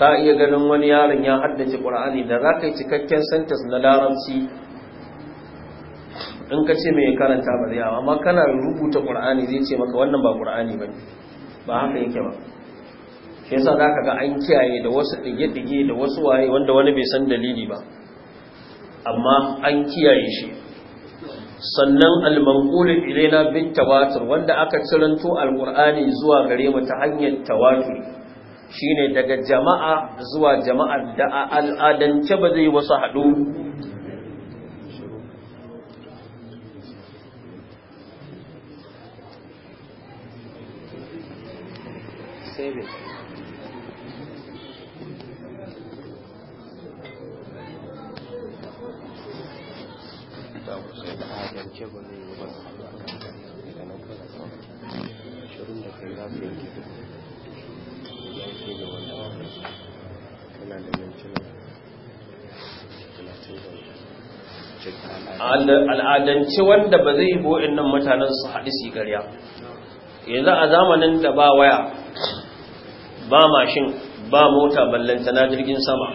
ka iya ganin wani yaron ya haddace qur'ani da za ka yi cikakken sentence na larabci in ka ce mai karanta ba zai amma kana rubuta qur'ani zai ce maka wannan ba qur'ani bane ba haka yake ba shi yasa ka ga an kiyaye da wasu dige-dige da wasu waye wanda wani bai san dalili ba amma an kiyaye shi sannan almanqulu ilaina bin tawatur wanda aka ciranto alqur'ani zuwa gare mu ta hanyar tawatur shine daga jama'a zuwa jama'a da al'adance ba zai wasu haɗu. zance wanda al'adance wanda ba zai yi bo'in nan mutanen su haɗi su gariya yanzu a zamanin da ba waya ba mashin ba mota na jirgin sama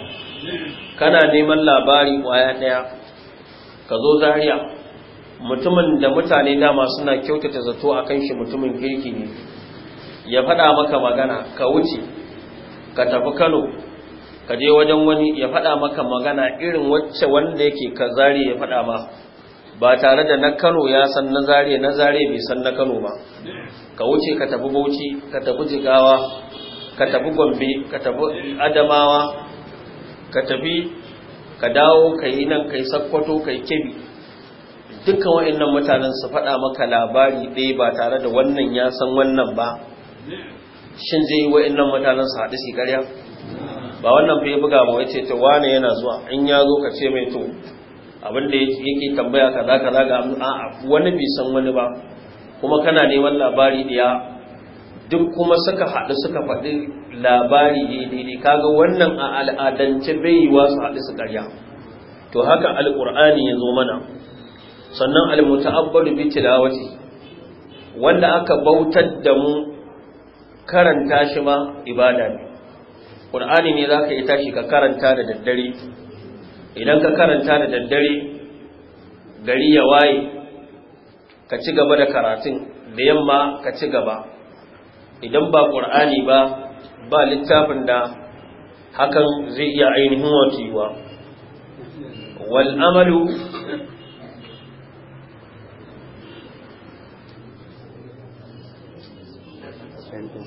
kana neman labari waya ɗaya ka zo zariya mutumin da mutane dama suna kyautata zato a kan shi mutumin kirki ne ya faɗa maka magana ka wuce ka tafi kano ka je wajen wani ya faɗa maka magana irin wacce wanda yake ka zari ya faɗa ma ba tare da na kano ya san na zari na zari bai san na kano ba ka wuce ka tafi bauchi ka tafi jigawa ka tafi gombe ka tafi adamawa ka tafi ka dawo ka yi nan ka yi sakkwato ka yi kebi dukkan wa'annan mutanen su faɗa maka labari ɗaya ba tare da wannan ya san wannan ba shin zai yi wa'annan mutanen su haɗu su ƙarya ba wannan fa ya buga ba wace ta wane yana zuwa in ya zo ka ce mai to abin da yake tambaya kaza kaza ga a'a wani bai san wani ba kuma kana neman labari ɗaya duk kuma suka haɗu suka faɗi labari daidai kaga wannan a al'adance bai yi wasu haɗu su ƙarya to haka alƙur'ani ya zo mana sannan almuta'abbaru bi tilawati wanda aka bautar da mu karanta shi ma ibada ne qur'ani ne zaka yi tashi ka karanta da daddare idan ka karanta da daddare gari ya waye ka ci gaba da karatun da yamma ka ci gaba idan ba qur'ani ba ba littafin da hakan zai iya ainihin wakiwa wal amalu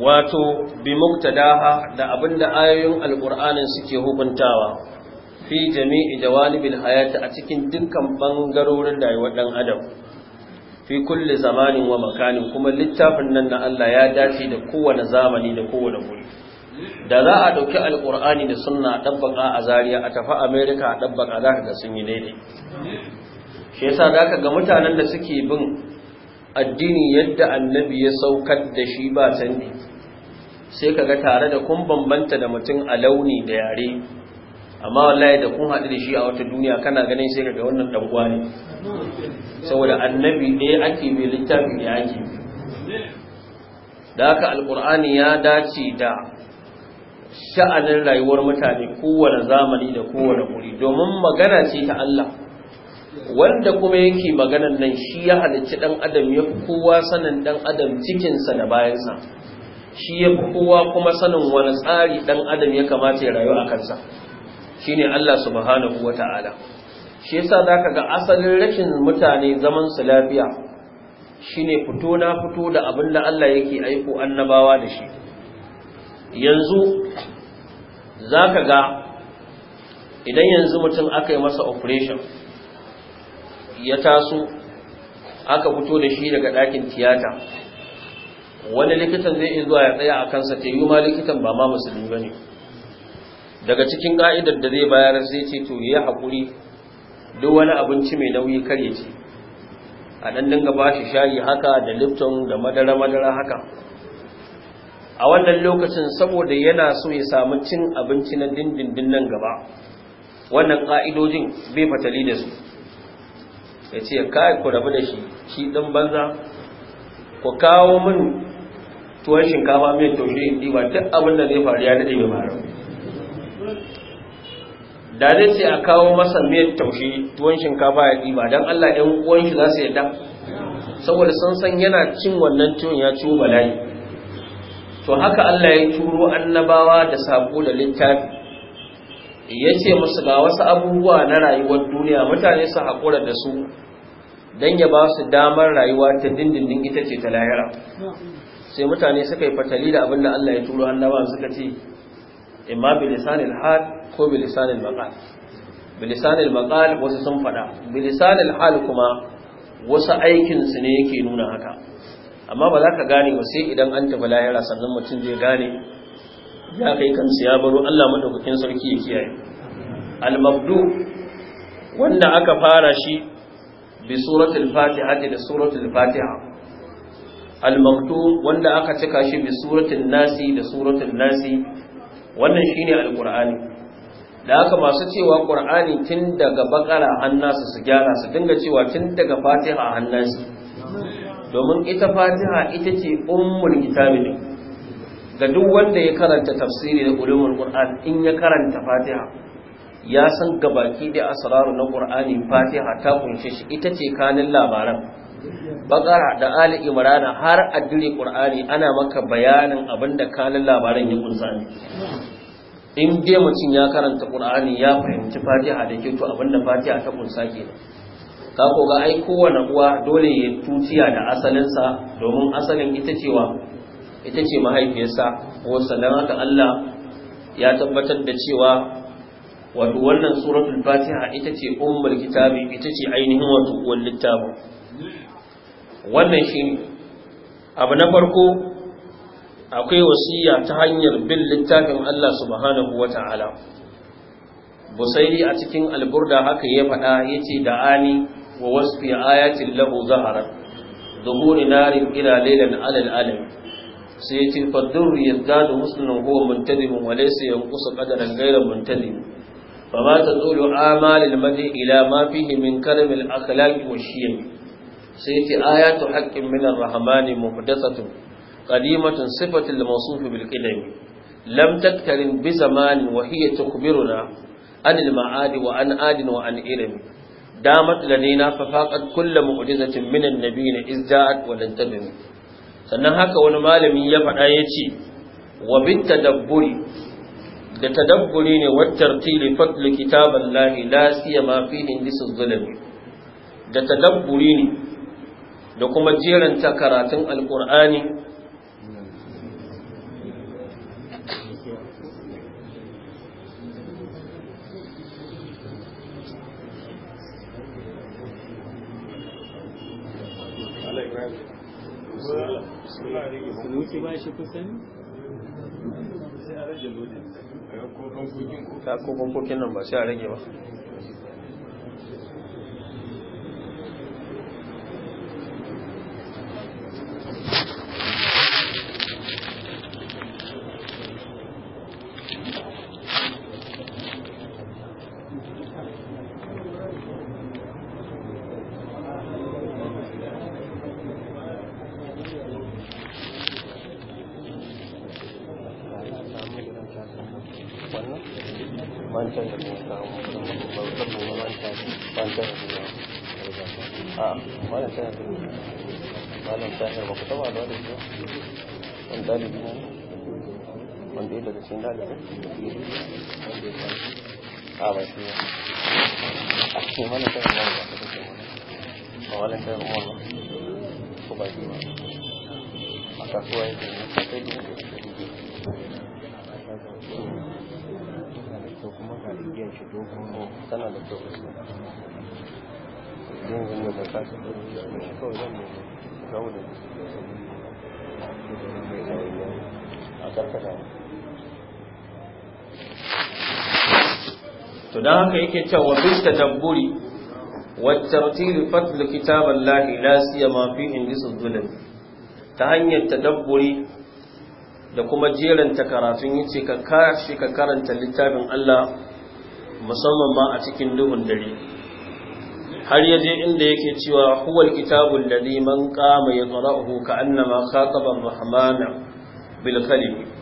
wato bi muktadaha da abinda ayoyin alqur'anin suke hukuntawa fi jami'i jawanibil hayati a cikin dukkan bangarorin rayuwar dan adam fi kulli zamanin wa makanin kuma littafin nan na Allah ya dace da kowane zamani da kowane guri da za a dauki alqur'ani da sunna dabbaka a Zariya a tafi america a dabbaka zaka ga sun yi daidai shi yasa zaka ga mutanen da suke bin addini yadda annabi ya saukar da shi ba canji sai kaga tare da kun bambanta da mutum a launi da yare amma wallahi da kun haɗu da shi a wata duniya kana ganin sai kaga wannan dan uwa ne saboda annabi ɗaya ake mai littafi ne ake da haka alkur'ani ya dace da sha'anin rayuwar mutane kowane zamani da kowane wuri domin magana ce ta Allah wanda kuma yake maganan nan shi ya halicci dan adam ya fi kowa sanin dan adam cikinsa da bayansa shi ya fi kowa kuma sanin wani tsari dan adam ya kamata ya rayu a kansa shine Allah subhanahu wata'ala shi yasa zaka ga asalin rashin mutane zaman su lafiya shine fito na fito da abin da Allah yake aiko annabawa da shi yanzu zaka ga idan yanzu mutum aka yi masa operation ya taso aka fito da shi daga ɗakin tiyata wani likitan zai zuwa ya tsaya a kansa ta yi ma likitan ba ma musulmi ba ne daga cikin ƙa'idar da zai bayar zai ce to ya haƙuri duk wani abinci mai nauyi kar ya ce a ɗan dinga ba shi shayi haka da lifton da madara-madara haka a wannan lokacin saboda yana so ya samu cin abinci na dindindin nan gaba wannan ƙa'idojin bai fatali da su ya ce kai ku rabu da shi shi ɗin banza ku kawo min tuwon shinkafa mai taushe in ɗiba duk abin da zai faru ya daɗe mai mara da zai ce a kawo masa mai taushe tuwon shinkafa ya ɗiba don allah ɗin uwan shi za su yadda saboda sun san yana cin wannan tuwon ya ciwo bala'i to haka allah ya yi turo annabawa da sabo da littafi ya ce musu ga wasu abubuwa na rayuwar duniya mutane su haƙura da su don ya ba su damar rayuwa ta dindindin ita ce ta lahira sai mutane suka yi fatali da abin da Allah ya turo annabawan suka ce imma bilisanil hal ko bilisanil maqal bilisanil maqal wasu sun fada bilisanil hal kuma wasu aikin su ne yake nuna haka amma ba za ka gane ba sai idan an tafi lahira sannan mutum zai gane ya kai kansu ya baro Allah madaukakin sarki ya kiyaye al-mabdu wanda aka fara shi bi suratul fatiha da suratul fatiha al-mabdu wanda aka cika shi bi suratul nasi da suratul nasi wannan shine al-qur'ani da aka masu cewa qur'ani tun daga bakara hannasu su gyara su dinga cewa tun daga fatiha nasu domin ita fatiha ita ce ummul kitabi ne ga duk wanda ya karanta tafsiri da ulumul qur'an in ya karanta fatiha ya san gabaki da asraru na qur'ani fatiha ta kunshe shi ita ce kanin labaran bakara da ali imrana har a dire qur'ani ana maka bayanin abinda kanin labaran ya kunsa ne in dai mutum ya karanta qur'ani ya fahimci fatiha da ke to abinda fatiha ta kunsa ke ka ko ga ai kowane uwa dole ya tutiya da asalinsa domin asalin ita cewa ita ce mahaifiyarsa wasu haka Allah ya tabbatar da cewa wato wannan suratul fatiha ita ce ummul kitabi ita ce ainihin wato uwan littafin wannan shi abu na farko akwai wasiya ta hanyar bin littafin Allah subhanahu wata'ala busairi a cikin alburda haka ya faɗa ya ce da ani wa wasfi ayatin lahu zaharat ظهور نار ila ليلا alal alam. sai ya ce faddur yazdadu musliman huwa muntadimun wa laysa yanqusu qadaran ghayra muntadim fama tadulu amal al-madi ila ma fihi min karam al-akhlaq wa shiyam sai ce ayatu haqqin min ar-rahmani muhdathatun qadimatun sifatul mawsuf bil qidam lam tatkarin bi zamanin wa hiya tukhbiruna an al-ma'adi wa an adin wa an irim damat ladaina fa faqat kullu mu'jizatin min an-nabiyina iz ja'at wa lan tadmi sannan haka wani malami ya faɗa ya ce wa bin tadabburi da tadabburi ne wata tili fadli kitaban lahi la ma fi hindisin zulmi da tadabburi ne da kuma jeranta karatun alkur'ani su wuce ba shi kusan ta ko bankokin nan ba sai a rage ba haka yake cewa bis tadabburi wat tartil fatl kitaballahi la siyama fi indisul zulm ta hanyar tadabburi da kuma jeranta karatun yace ka kashi ka karanta littafin Allah musamman ma a cikin duhun dare har yaje inda yake cewa huwal kitabul ladhi man qama yaqra'uhu ka'annama khataba ar-rahmana bil kalim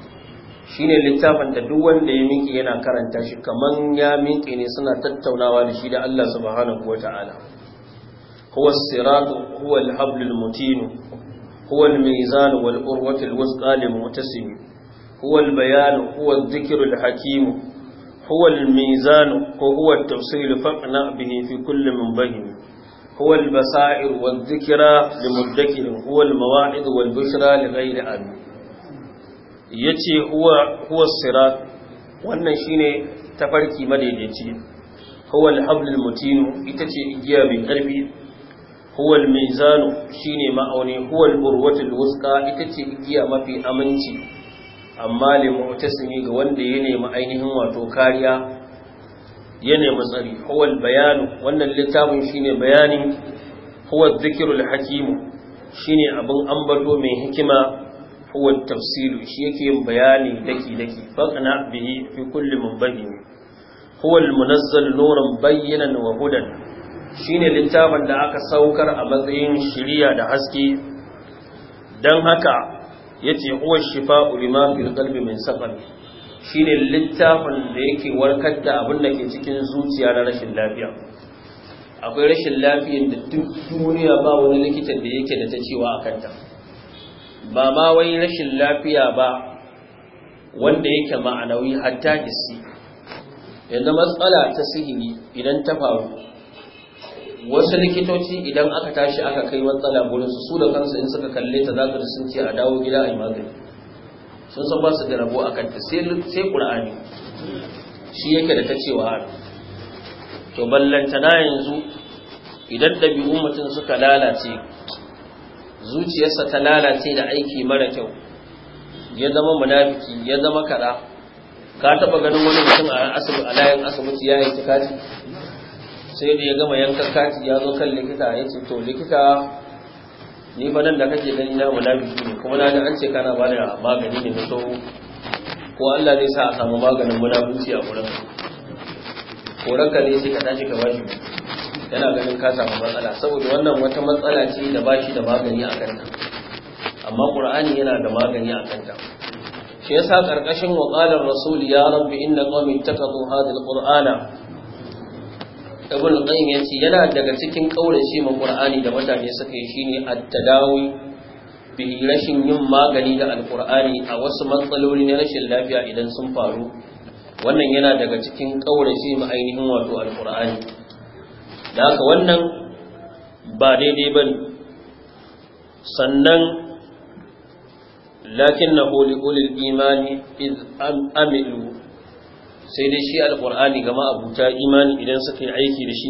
Shi ne littafin da duk wanda ya miƙe yana karanta shi kaman ya miƙe ne suna tattaunawa da shi da Allah subhanahu wata'ala huwa as-siratu huwa al-hablul mutin huwa al-mizan wal urwatu al-wusqa lil mutasim huwa al-bayan huwa adh-dhikru al-hakim huwa al-mizan huwa at-tafsil faqna bihi fi kulli munbahim هو البصائر والذكرى لمدكر هو المواعظ والبشرى لغير أمين ya ce huwa Sira wannan shine tafarki madaidaici huwa alhablul mutinu ita ce igiya mai ƙarfi huwa almizanu shine ma'auni huwa alurwatul wuska ita ce igiya mafi aminci amma lil mu'tasimi ga wanda ya nemi ainihin wato kariya ya nemi tsari huwa albayanu wannan littafin shine bayanin huwa dhikrul hakim shine abin ambato mai hikima huwa tafsilu shi yake bayani daki daki faqna bihi fi kulli munbahin huwa almunazzal nuran bayyinan wa hudan shine littafin da aka saukar a matsayin shirya da haske dan haka yace huwa shifa'u lima fil qalbi min saqam shine littafin da yake warkar da abin da ke cikin zuciya na rashin lafiya akwai rashin lafiyar da duk duniya ba wani likitan da yake da ta cewa a kanta ba ma wai rashin lafiya ba wanda yake ma'anawi hatta hissi yanzu matsala ta sihiri idan ta faru wasu likitoci idan aka tashi aka kai matsala gudun su su da kansu in suka kalle ta za ka sun ce a dawo gida a yi magani sun san ba su da rabo a kanta sai ƙur'ani shi yake da ta cewa to ballantana yanzu idan ɗabi'un mutum suka lalace zuciyarsa ta lalace da aiki mara kyau ya zama munafiki ya zama kada ka taba ganin wani mutum a asibiti a layin asibiti ya yanki kati sai da ya gama yankan kati ya zo kan likita ya ce to likita ni fa nan da kake gani na munafiki ne kuma na ga an ce kana ba da magani ne na tsoho ko Allah zai sa a samu maganin munafiki a gurin koranka ne sai ka tashi ka bashi yana ganin ka samu matsala saboda wannan wata matsala ce da ba shi da magani a kanta amma qur'ani yana da magani a kanta shi yasa karkashin wa qala ar-rasul ya rabbi inna qawmi ittaqadu hadha al-qur'ana ibn qayyim yace yana daga cikin kaurace ma qur'ani da mutane suka yi shine at-tadawi bi rashin yin magani da al a wasu matsaloli na rashin lafiya idan sun faru wannan yana daga cikin kaurace ma ainihin wato al da haka wannan ba daidai ba ne sannan lakin na ulil imani iz amilu sai dai shi alkur'ani gama abuta imani idan suka yi aiki da shi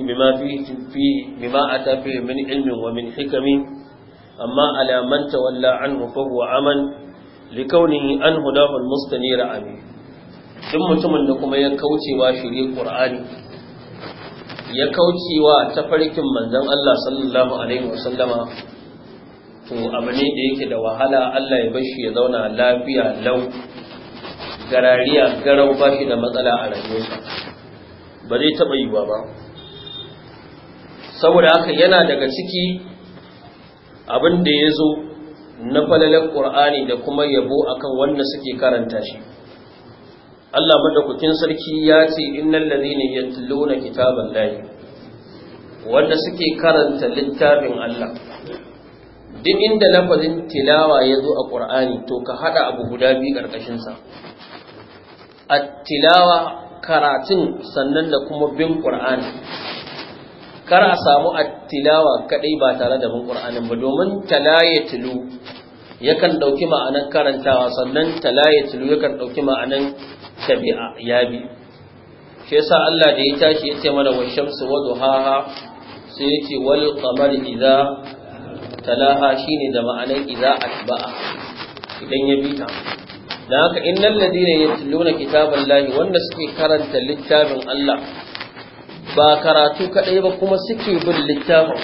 bima a tafi min ilmin wa min hikami amma alamanta walla an hufahu aman likaunihi an hudahu almustanira amin duk mutumin da kuma ya kaucewa shirye qur'ani ya kauce kaucewa tafarkin manzon Allah sallallahu alaihi wasallama to abu ne da yake da wahala Allah ya bar shi ya zauna lafiya lau garariya garau ba shi da matsala a rayuwarsa ba zai taɓa yiwa ba saboda haka yana daga ciki abin da ya zo na falalar ƙur'ani da kuma yabo akan wanda suke karanta shi Allah madaukakin sarki ya ce innal ladhina yatluna lahi wanda suke karanta littafin Allah duk inda lafazin tilawa ya zo a ƙur'ani to ka haɗa abu guda biyu ƙarƙashinsa a tilawa karatun sannan da kuma bin ƙur'ani kar a samu a tilawa kaɗai ba tare da bin Qur'ani ba domin talaye yakan ɗauki ma'anar karantawa sannan talaye yakan ɗauki ma'anan sabi'a ya bi shi yasa Allah da ya tashi ya ce mana wa shamsu wa duhaha sai yace wal qamari idza talaha shine da ma'anar idza asba'a idan ya bita dan haka innal ladina yatluna kitaballahi wanda suke karanta littafin Allah ba karatu kadai ba kuma suke bin littafin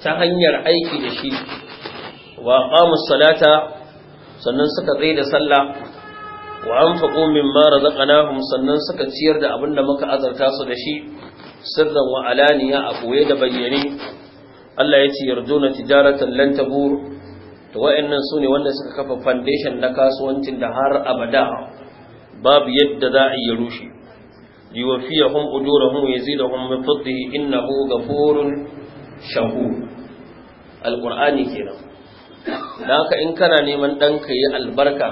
ta hanyar aiki da shi wa qamus salata sannan suka tsaye da sallah wa min mara razaqnahum sannan suka ciyar da abin da muka azarta su da shi sirran wa alaniya a koye da bayyane Allah ya ce na tijaratan lan tabur to wayannan sune wanda suka kafa foundation na kasuwancin da har abada babu yadda za a yi rushe liwafiyahum ujurahum yazidahum min fadlihi innahu ghafurun shakur alqur'ani kenan da haka in kana neman ɗanka yi albarka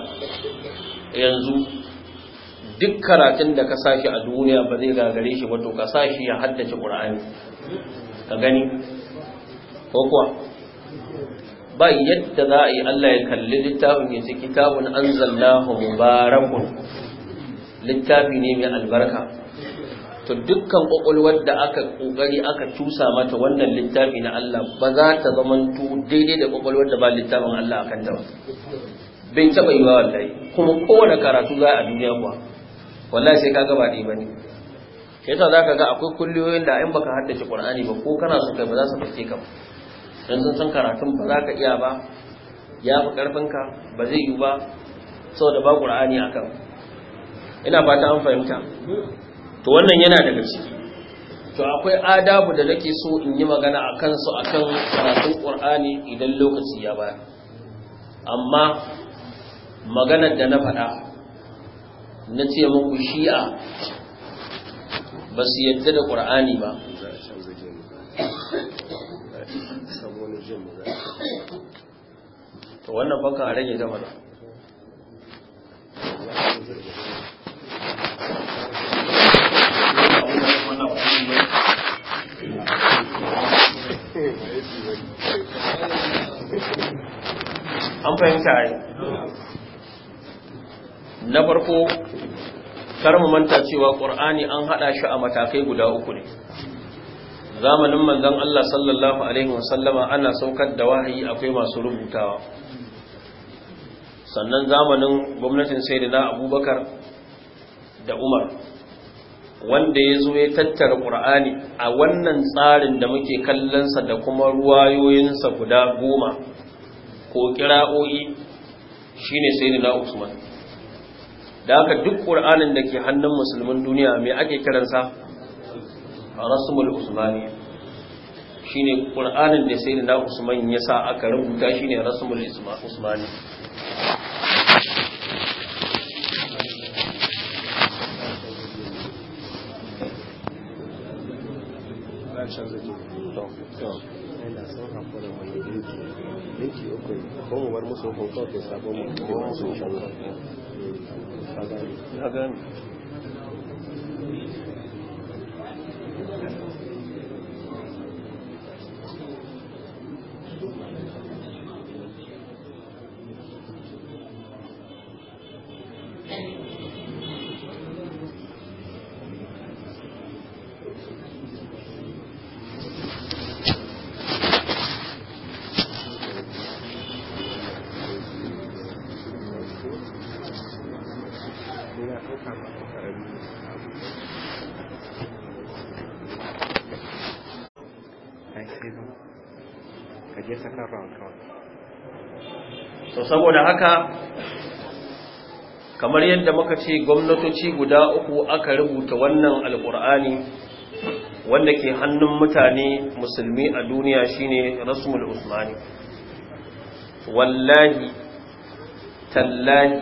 yanzu duk karatun da ka sashi a duniya ba zai gagare shi wato ka sashi ya haddace ƙura'ani ka gani ko kuwa ba yadda za a yi Allah ya kalli littafin ya ce kitabun anzalnahu mubarakun littafi ne mai albarka to dukkan ƙwaƙwalwar da aka ƙoƙari aka cusa mata wannan littafi na Allah ba za ta zamanto daidai da kwakwalwar da ba littafin Allah a kanta ba bai taba yi ba wallahi kuma kowane karatu za a duniya kuwa wallahi sai ka gaba dai bane za zaka ga akwai kulliyoyin da in baka haddace Qur'ani ba ko kana so kai ba za su fice ka ba dan sun san karatun ba za ka iya ba ya fi karfin ka ba zai yi ba saboda ba Qur'ani akan ina fata an fahimta to wannan yana daga ciki to akwai adabu da nake so in yi magana a kansu akan karatun ƙur'ani idan lokaci ya baya amma maganar da na faɗa na ce muku shi'a ba su yadda da ƙur'ani ba to wannan baka a rage gama an fahimta a yi na farko kar mu manta cewa ƙur'ani an haɗa shi a matakai guda uku ne zamanin manzon Allah sallallahu alaihi wasallama ana saukar da wahayi akwai masu rubutawa sannan zamanin gwamnatin sayyidina Abubakar da Umar wanda ya zo ya tattara ƙur'ani a wannan tsarin da muke kallonsa da kuma ruwayoyinsa guda goma ko ƙira'o'i shi ne sai na usman da haka duk ƙur'anin da ke hannun musulmin duniya mai ake kiransa a rasumul usmani shine ƙur'anin da sai na usman ya sa aka rubuta shine rasumul usmani Thank you. na gane to saboda haka kamar yadda muka ce gwamnatoci guda uku aka rubuta wannan alkur'ani wanda ke hannun mutane musulmi a duniya shine rasmul usmani wallahi tallahi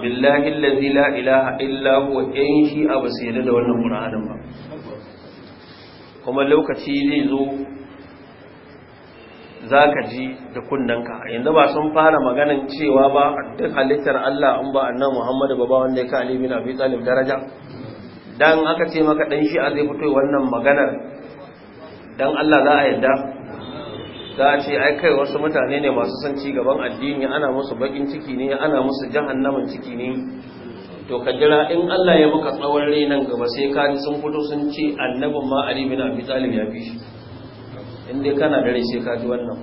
billahi allazi la ilaha illa huwa in shi abu sai da wannan qur'anin ba kuma lokaci zai zo za ka ji da ka. yanzu ba sun fara maganin cewa ba duk halittar Allah in ba annan Muhammadu ba ba wanda ya ka Ali bin Abi daraja dan aka ce maka dan shi a zai fito wannan maganar dan Allah za a yadda za a ce ai kai wasu mutane ne masu son ci gaban addini ana musu bakin ciki ne ana musu jahannamin ciki ne to ka jira in Allah ya maka tsawon renan gaba sai ka sun fito sun ce annabin ma Ali bin Abi ya fi shi inda kana dare sai ka ji wannan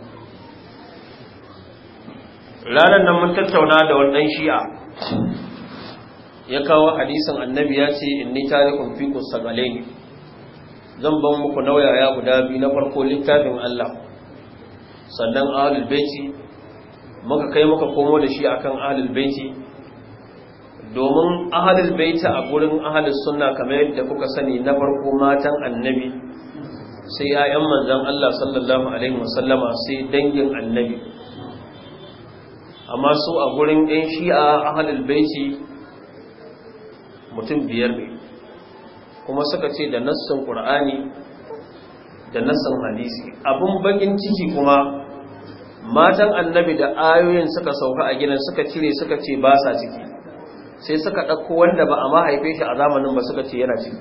ranar nan mun tattauna da wannan shi'a ya kawo hadisin annabi ya ce inni tarikun fi ne. zan ban muku nauyaya guda biyu na farko littafin Allah sannan ahlul baiti muka kai muka komo da shi akan ahlul baiti domin ahlul baiti a gurin ahlus sunna kamar yadda kuka sani na farko matan annabi sai ‘ya'yan manzan Allah sallallahu Alaihi wasallama sai dangin annabi amma su a gurin ‘yan shi'a ahalul baiti mutum biyar ne kuma suka ce da nassin ƙura'ani da nassin hadisi abin bakin ciki kuma matan annabi da ayoyin suka sauka a gidan suka cire suka ce ba sa ciki sai suka ɗauko wanda ba a mahaife shi a zamanin ba suka ce yana ciki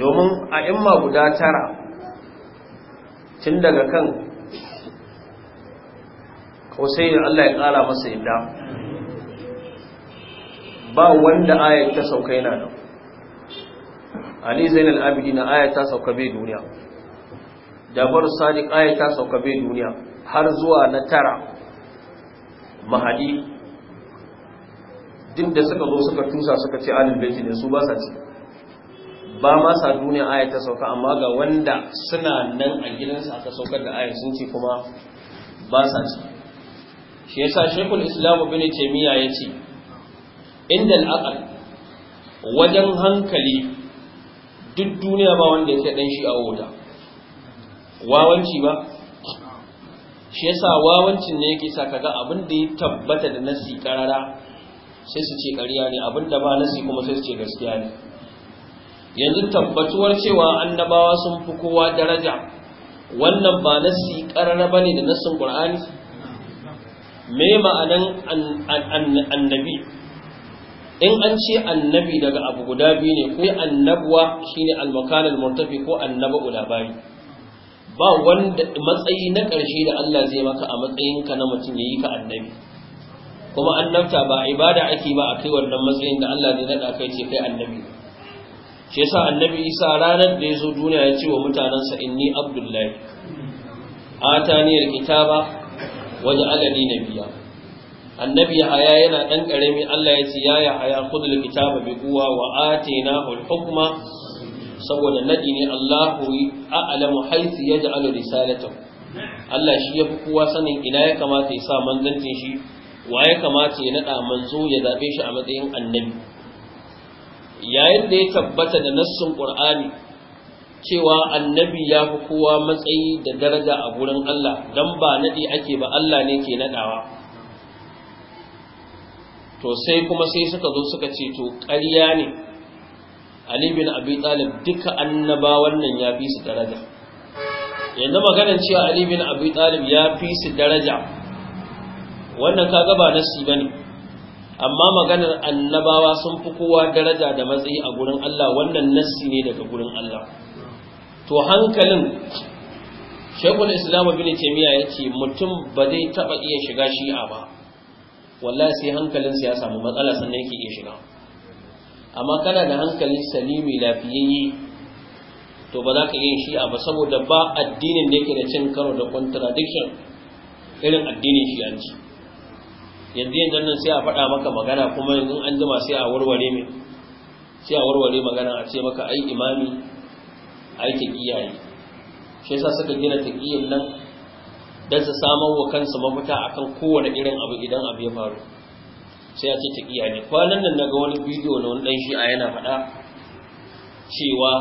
domin a imma guda tara tun daga kan kausai Allah ya ƙara masa yadda ba wanda ayat ta sauka yana nan ali zainal abidi na ayat ta sauka bai duniya jabar sadiq ayat ta sauka bai duniya har zuwa na tara mahadi din da suka zo suka tusa suka ce alin baiti ne su ba sa ce ba ma sa duniya aya ta sauka amma ga wanda suna nan a gidansa aka saukar da aya sun ce kuma ba sa ci shi yasa shekul islamu bin taimiyya ya ce inda al'aqal wajen hankali duk duniya ba wanda ya dan shi a wuta wawanci ba shi yasa wawancin ne yake sa kaga abin da ya tabbata da nasi karara sai su ce ƙarya ne abin da ba nasi kuma sai su ce gaskiya ne yanzu tabbatuwar cewa annabawa sun fi kowa daraja wannan ba si karara ba ne da nassin ƙur'ani me ma'anan annabi in an ce annabi daga abu guda biyu ne ko annabuwa shine almakanar murtafi ko annaba bayi. ba wanda matsayi na ƙarshe da Allah zai maka a matsayin ka na mutum yayi ka annabi kuma annabta ba ibada ake ba a kai wannan matsayin da Allah zai naɗa kai ce kai annabi shi yasa annabi isa ranar da ya zo duniya ya ce wa mutanensa inni abdullahi ataniyar kitaba waje alani nabiya annabi haya yana dan karami Allah ya ce ya ya haya khudul kitaba bi quwa wa atinahu al-hukma saboda nadi ne Allahu a'lamu haythu yaj'alu risalatahu Allah shi yafi kowa sanin ina ya kamata ya sa manzancin shi wa ya kamata ya nada manzo ya zabe shi a matsayin annabi yayin da ya tabbata da nassun qur'ani cewa annabi ya fi kowa matsayi da daraja a gurin Allah dan ba nadi ake ba Allah ne ke naɗawa. to sai kuma sai suka zo suka ce to ƙarya ne Ali bin Abi Talib duka Annaba wannan ya fi su daraja yanzu maganar cewa Ali bin Abi Talib ya fi su daraja wannan kaga ba nasi bane amma maganar annabawa sun fi kowa daraja da matsayi a gurin Allah wannan nassi ne daga gurin Allah to hankalin shekul islam bin taimiyya ya ce mutum ba zai taɓa iya shiga shi'a ba wallahi sai hankalinsa ya samu matsala sannan yake iya shiga amma kana da hankali salimi lafiyayye to ba za ka iya shi'a ba saboda ba addinin da yake da cin karo da contradiction irin addinin shi'anci yanzu yin nan sai a faɗa maka magana kuma yanzu an jima sai a warware mai sai a warware magana a ce maka ai imami ai taƙiya ne shi yasa suka gina taƙiyan nan don su samar wa kansu mafita kan kowane irin abu idan abu ya faru sai a ce taƙiya ne kwanan nan na ga wani bidiyo na wani ɗan shi'a yana faɗa cewa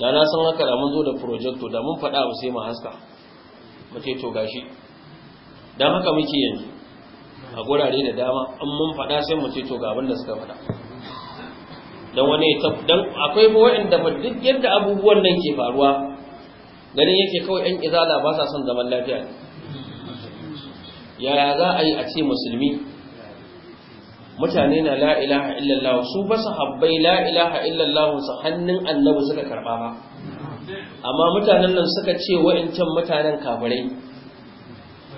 da na san haka da mun zo da projecto da mun faɗa ba sai mu haska mu ce to gashi dan haka muke yanzu a gurare da dama in mun faɗa sai mu ce to ga abin da suka faɗa dan wani dan akwai ba wanda ba duk yadda abubuwan nan ke faruwa ganin yake kawai yan izala ba sa son zaman lafiya yaya za a yi a ce musulmi mutane na la ilaha illallah su ba habbai la ilaha illallah su hannun annabi suka karɓa ba amma mutanen nan suka ce wa'incan mutanen kafirai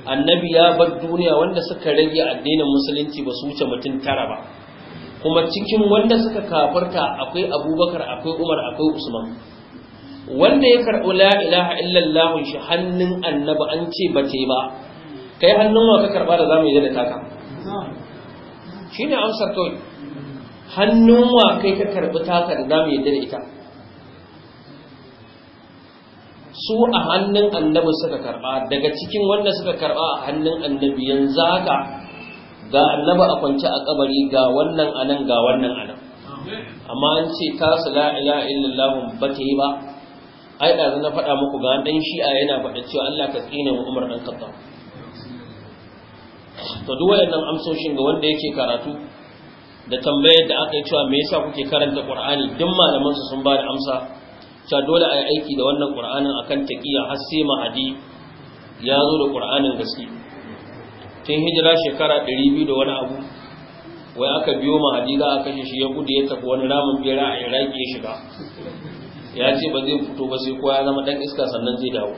annabi ya bar duniya wanda suka rage addinin musulunci ba su wuce mutum tara ba kuma cikin wanda suka kafarta akwai abubakar akwai umar akwai usman wanda ya karɓi la ilaha illallah shi hannun annabi an ce ba ce ba kai hannun wa ka karɓa da zamu yi da taka shine amsar kawai hannun wa kai ka karɓi taka da zamu yi da ita su a hannun annabi suka karɓa daga cikin wanda suka karɓa a hannun annabi yanzu haka ga annabi a kwance a kabari ga wannan anan ga wannan anan amma an ce ta su la ilaha illallah ba ta yi ba ai da na faɗa muku ga dan shi'a yana faɗa cewa Allah ka tsine mu Umar dan Khattab to duk wayannan amsoshin ga wanda yake karatu da tambayar da aka yi cewa me yasa kuke karanta Qur'ani duk malamansu sun ba da amsa cewa dole a yi aiki da wannan a akan taƙiya har sai mahadi ya zo da ƙura'anin gaske tun hijira shekara 200 da wani abu wai aka biyo mahadi za a kashe shi ya gudu ya tafi wani ramin bera a iraki ya shiga ya ce ba zai fito ba sai kowa ya zama ɗan iska sannan zai dawo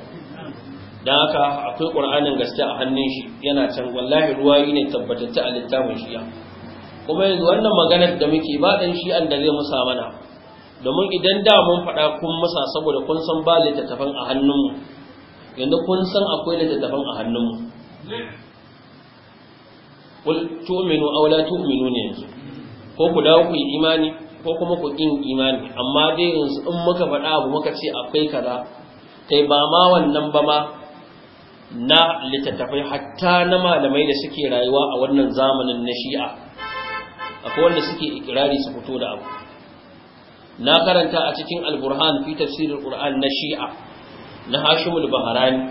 don haka akwai ƙur'anin gaske a hannun shi yana can wallahi yi ne tabbatatta a littafin shiya kuma yanzu wannan maganar da muke ba ɗan shi'an da zai musa mana domin idan da mun faɗa kun masa saboda kun san ba littattafan a hannunmu yanzu kun san akwai littattafan a hannunmu kul tu'minu aw la tu'minu ne yanzu ko ku dawo ku yi imani ko kuma ku kin imani amma dai yanzu in muka faɗa abu muka ce akwai kaza kai ba ma wannan ba ma na littattafai hatta na malamai da suke rayuwa a wannan zamanin na shi'a akwai wanda suke ikirari su fito da abu na karanta a cikin alburhan fi tafsirin qur'an na shi'a na hashim al-baharani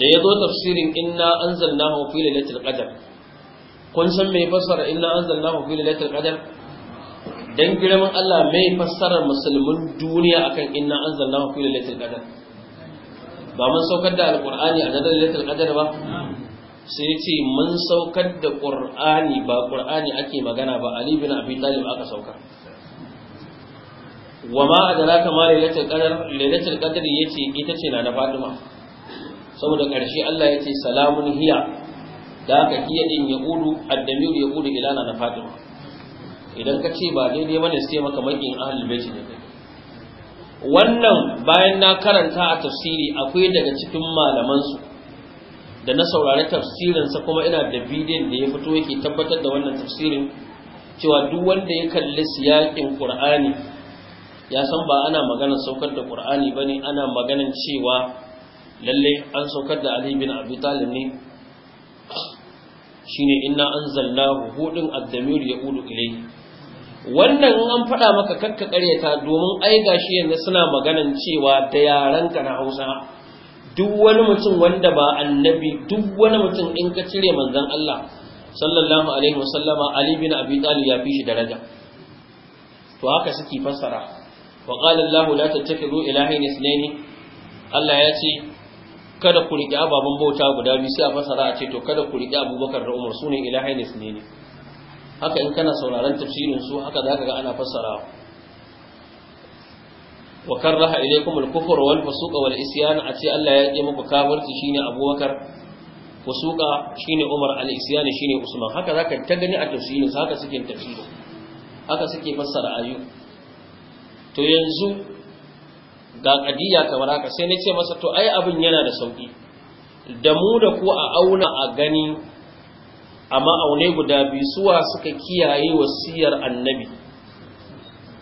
da zo tafsirin inna anzalnahu fi lalatar ƙadar. kun san me fassara inna anzalnahu fi lalatar ƙadar? Don girman Allah mai fassarar musulmin duniya akan inna anzalnahu fi lalatar ƙadar. ba mun saukar da Alƙur'ani a nan lalatar ƙadar ba sai ce mun saukar da ƙur'ani ba qur'ani ake magana ba ali bin abi talib aka saukar wa ma adraka ma lailatul qadr lailatul yace ita ce na da Fatima saboda ƙarshe Allah yace salamun hiya da ka hiya din ya udu addamir ya udu ila na Fatima idan ka ce ba daidai bane sai maka makin ahlul bait ne wannan bayan na karanta a tafsiri akwai daga cikin malaman su da na saurari tafsirin sa kuma ina da bidiyon da ya fito yake tabbatar da wannan tafsirin cewa duk wanda ya kalli siyakin Qur'ani ya san ba ana maganar saukar da ƙur'ani ba ne ana maganar cewa lalle an saukar da Ali bin Abi Talib ne shine inna anzalnahu hudun ad-damir yaqulu ilayhi wannan an faɗa maka kakka ƙaryata domin ai gashi yanzu suna maganar cewa da yaran ka na Hausa duk wani mutum wanda ba annabi duk wani mutum in ka cire manzon Allah sallallahu alaihi wasallama Ali bin Abi Talib ya fi shi daraja to haka suke fassara wa qala Allah la tattakhidhu ilahayn isnayn Allah ya ce kada ku riƙe ababen bauta guda biyu sai a fasara a ce to kada ku riƙe Abubakar da Umar sune ilahayn isnayn haka in kana sauraron tafsirin su haka ka ga ana fasara. wa karraha ilaykum al-kufr wal fusuq wal isyan ce Allah ya yi muku kafirci shine Abubakar fusuqa shine Umar al-isyan shine Usman haka za ka ta gani a tafsirin haka suke tafsirin haka suke fassara ayu to yanzu ga kadiya kamar haka sai na ce masa to ai abin yana da sauƙi. da mu da ku a auna a gani a ma'aune guda biyu suwa suka kiyaye wasiyar annabi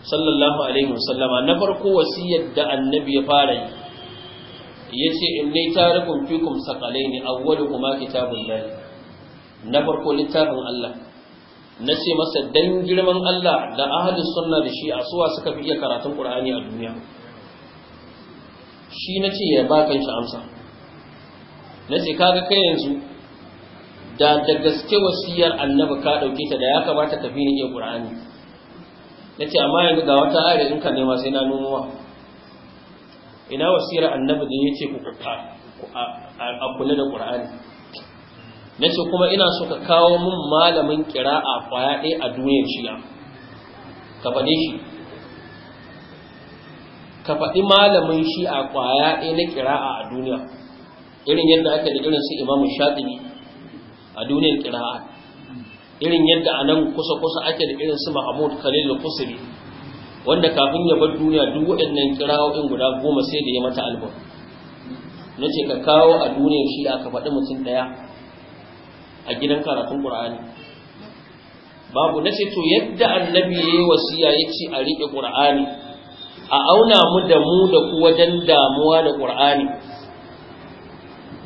sallallahu alaihi wasallama na farko wasiyar da annabi ya fara yi ya ce yace ne tarikum fikum kuma kitabun kitabullahi na farko littafin Allah na ce masa dan girman Allah da ahadin sunna da shi a suwa suka fi iya karatun Qur'ani a duniya shi na ce ya bakan shi amsa na ce kaga kai yanzu da da gaske wasiyar annabi ka dauke ta da ya kamata ka fi ni iya Qur'ani na ce amma yanzu ga wata ayar in ka nema sai na nomuwa ina wasiyar annabi da ya ce ku a kula da Qur'ani na ce kuma ina so ka kawo min malamin a kwaya ɗaya a duniyar shiya ka faɗe shi ka faɗi malamin shi a kwaya ɗaya na kira a duniya irin yadda aka da irin su imamu shaɗini a duniyar a irin yadda a nan kusa-kusa ake da irin su mahamud khalil kusuri wanda kafin ya bar duniya duk waɗannan kira'o'in guda goma sai da ya mata album na ce ka kawo a duniyar shi a ka faɗi mutum ɗaya a gidan karatun Qur'ani babu nace to yadda annabi yayi wasiya yace a rike Qur'ani a auna mu da mu da ku wajen damuwa da Qur'ani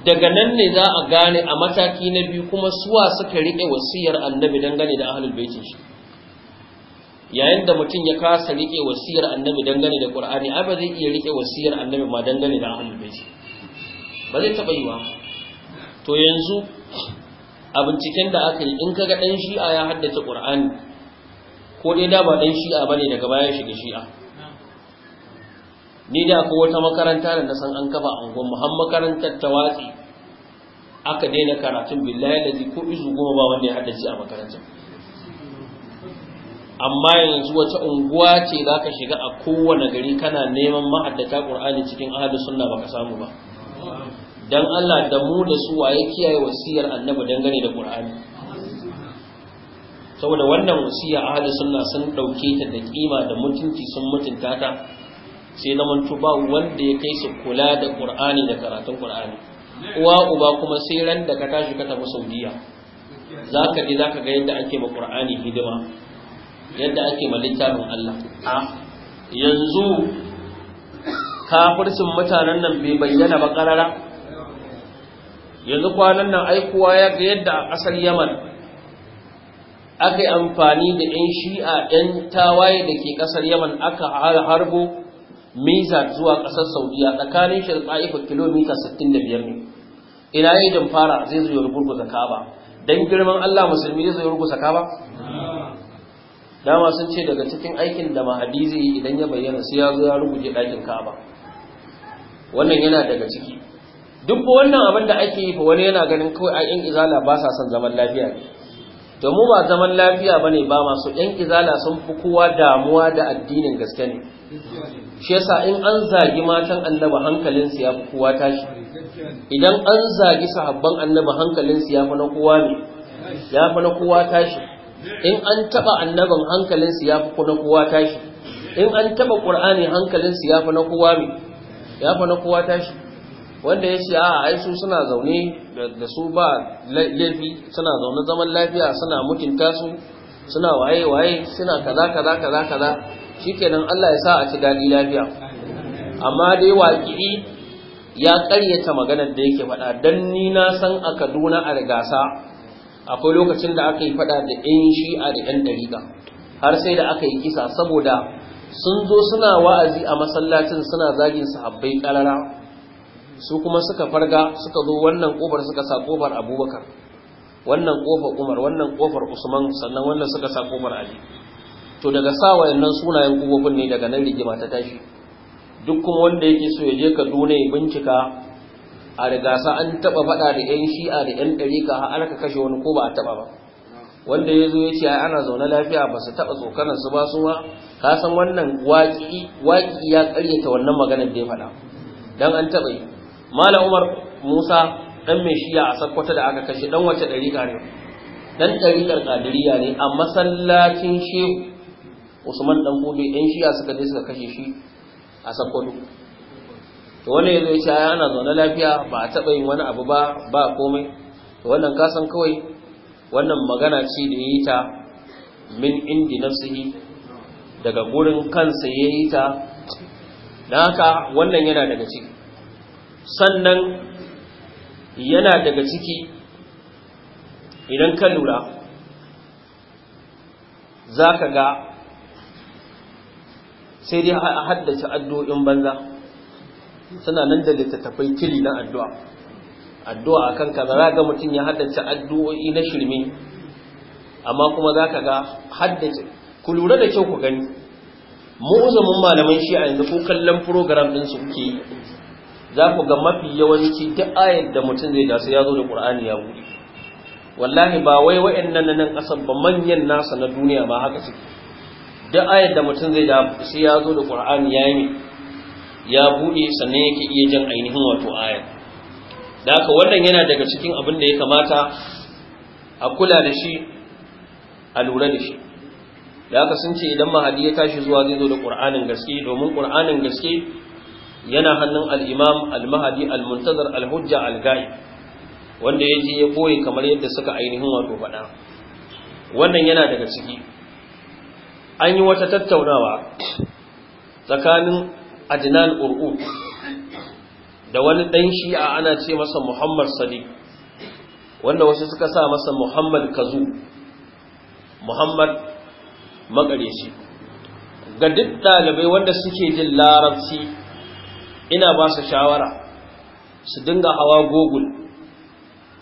daga nan ne za a gane a mataki na biyu kuma suwa suka rike wasiyar annabi dangane da ahlul baitin shi yayin da mutum ya kasa rike wasiyar annabi dangane da Qur'ani ai ba zai iya rike wasiyar annabi ma dangane da ahlul baiti ba zai taba yiwa to yanzu a binciken da aka yi in kaga ɗan shi'a ya haddace ƙur'ani ko dai da ba ɗan shi'a ba ne daga baya shiga shi'a ni da ko wata makaranta da na san an kafa a gwamma har makarantar ta watsi aka daina karatun billahi lazi ko izu goma ba wanda ya haddace a makarantar amma yanzu wata unguwa ce za ka shiga a kowane gari kana neman ma'addata ƙur'ani cikin ahadu sunna baka samu ba dan Allah da mu da su waye kiyaye wasiyar annabi dangane da Qur'ani saboda wannan wasiya ahli sunna sun dauke ta da kima da mutunci sun mutunta ta sai zaman ba wanda ya kai su kula da Qur'ani da karatun Qur'ani uwa uba kuma sai ran da ka tashi ka tafi Saudiya zaka ji zaka ga yadda ake ma Qur'ani hidima yadda ake ma littafin Allah a yanzu kafircin mutanen nan bai bayyana ba yanzu kwanan nan aikowa ya ga yadda a ƙasar yaman aka yi amfani da 'yan shi'a 'yan tawaye da ke ƙasar yaman aka harbo miza zuwa ƙasar saudiya tsakanin shi da kilomita 65 ne ina yi fara zai zo da kaba don girman allah musulmi zai zo rugurguza kaba dama sun ce daga cikin aikin da mahadi zai yi idan ya bayyana sai ya zo ya rubuce ɗakin kaba wannan yana daga ciki duk wannan abin da ake yi fa wani yana ganin kawai a yan izala ba sa son zaman lafiya ne to mu ba zaman lafiya bane ba masu yan izala sun fi kowa damuwa da addinin gaske ne shi yasa in an zagi matan annabi su ya fi kowa tashi idan an zagi sahabban annabi su ya fi na kowa ne ya fi na kowa tashi in an taba annabin su ya fi na kowa tashi in an taba qur'ani su ya fi na kowa ne ya fi na kowa tashi wanda ya ce a ai suna zaune da su ba laifi suna zaune zaman lafiya suna mutunta su suna waye waye suna kaza kaza kaza kaza shikenan Allah ya sa a ci dadi lafiya amma dai waƙiri ya ƙaryata maganar da yake faɗa dan ni na san a Kaduna a rigasa akwai lokacin da aka yi faɗa da 'yan shi'a da 'yan dariƙa har sai da aka yi kisa saboda sun zo suna wa'azi a masallacin suna zagin sahabbai ƙarara su kuma suka farga suka zo wannan kofar suka sa kofar abubakar wannan kofar umar wannan kofar usman sannan wannan suka sa kofar ali to daga sa wayannan sunayen kofofin ne daga nan rigima ta tashi duk kuma wanda yake so ya je kaduna ya bincika a riga sa an taba faɗa da yan shi'a da yan ɗarika har aka kashe wani ko ba a taba ba wanda ya zo ya ce ana zaune lafiya ba su taɓa tsokanar su ba su ma ka san wannan waƙi ya ƙaryata wannan maganar da ya faɗa dan an taba yi malam umar musa ɗan mai shiya a sakkwata da aka kashe dan wace dariƙa ne dan dariƙar kadiriya ne a masallacin shehu usman ɗan kudu yan shiya suka je suka kashe shi a sakkwato to wannan yazo ya shaya ana zaune lafiya ba a taɓa yin wani abu ba ba komai to wannan kasan kawai wannan magana ce da ya ta min indi nafsihi daga gurin kansa ya yi ta da haka wannan yana daga ciki sannan yana daga ciki idan ka lura za ka ga sai dai a haddace addu'o'in banza suna nan da littattafai kiri na addu'a addu'a a kan kaza za ga mutum ya haddace addu'o'i na shirme amma kuma za ka ga haddace ku lura da kyau ku gani mu'uzamin malaman shi a yanzu ko kallon program ɗinsu kuke yi za ku ga mafi yawanci duk ayar da mutum zai da ya zo da qur'ani ya buɗe wallahi ba wai wa'in nan nan kasar ba manyan nasa na duniya ba haka ciki. duk da mutum zai da ya zo da qur'ani ya yi ya buɗe sannan yake iya jan ainihin wato ayar da haka wannan yana daga cikin abin da ya kamata a kula da shi a lura da shi da haka sun ce idan mahadi ya tashi zuwa zai zo da ƙur'anin gaske domin ƙur'anin gaske yana hannun al'imam, imam al-mahdi al-muntazir al-hujja al-ghaib wanda je ya koyi kamar yadda suka ainihin wato faɗa wannan yana daga ciki an yi wata tattaunawa tsakanin adnan ur'u da wani dan shi'a ana ce masa muhammad sadiq wanda wasu suka sa masa muhammad kazu muhammad makareci ga duk ɗalibai wanda suke jin larabci ina ba su shawara su dinga hawa google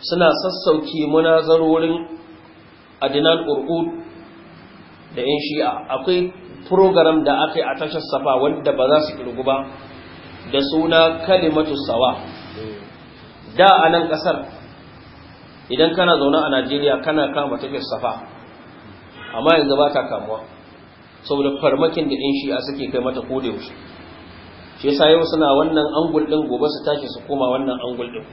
suna sassauki munazarorin adinan urkud da yan shi'a akwai program da aka yi a tashar safa wanda ba za su kirgu ba da suna kalimatu sawa da a nan kasar idan kana zaune a najeriya kana kama tashar safa amma yanzu ba ta kamuwa saboda farmakin da yan shi'a suke kai mata kodayaushe shi yasa yau suna wannan angul din gobe su tashi su koma wannan angul din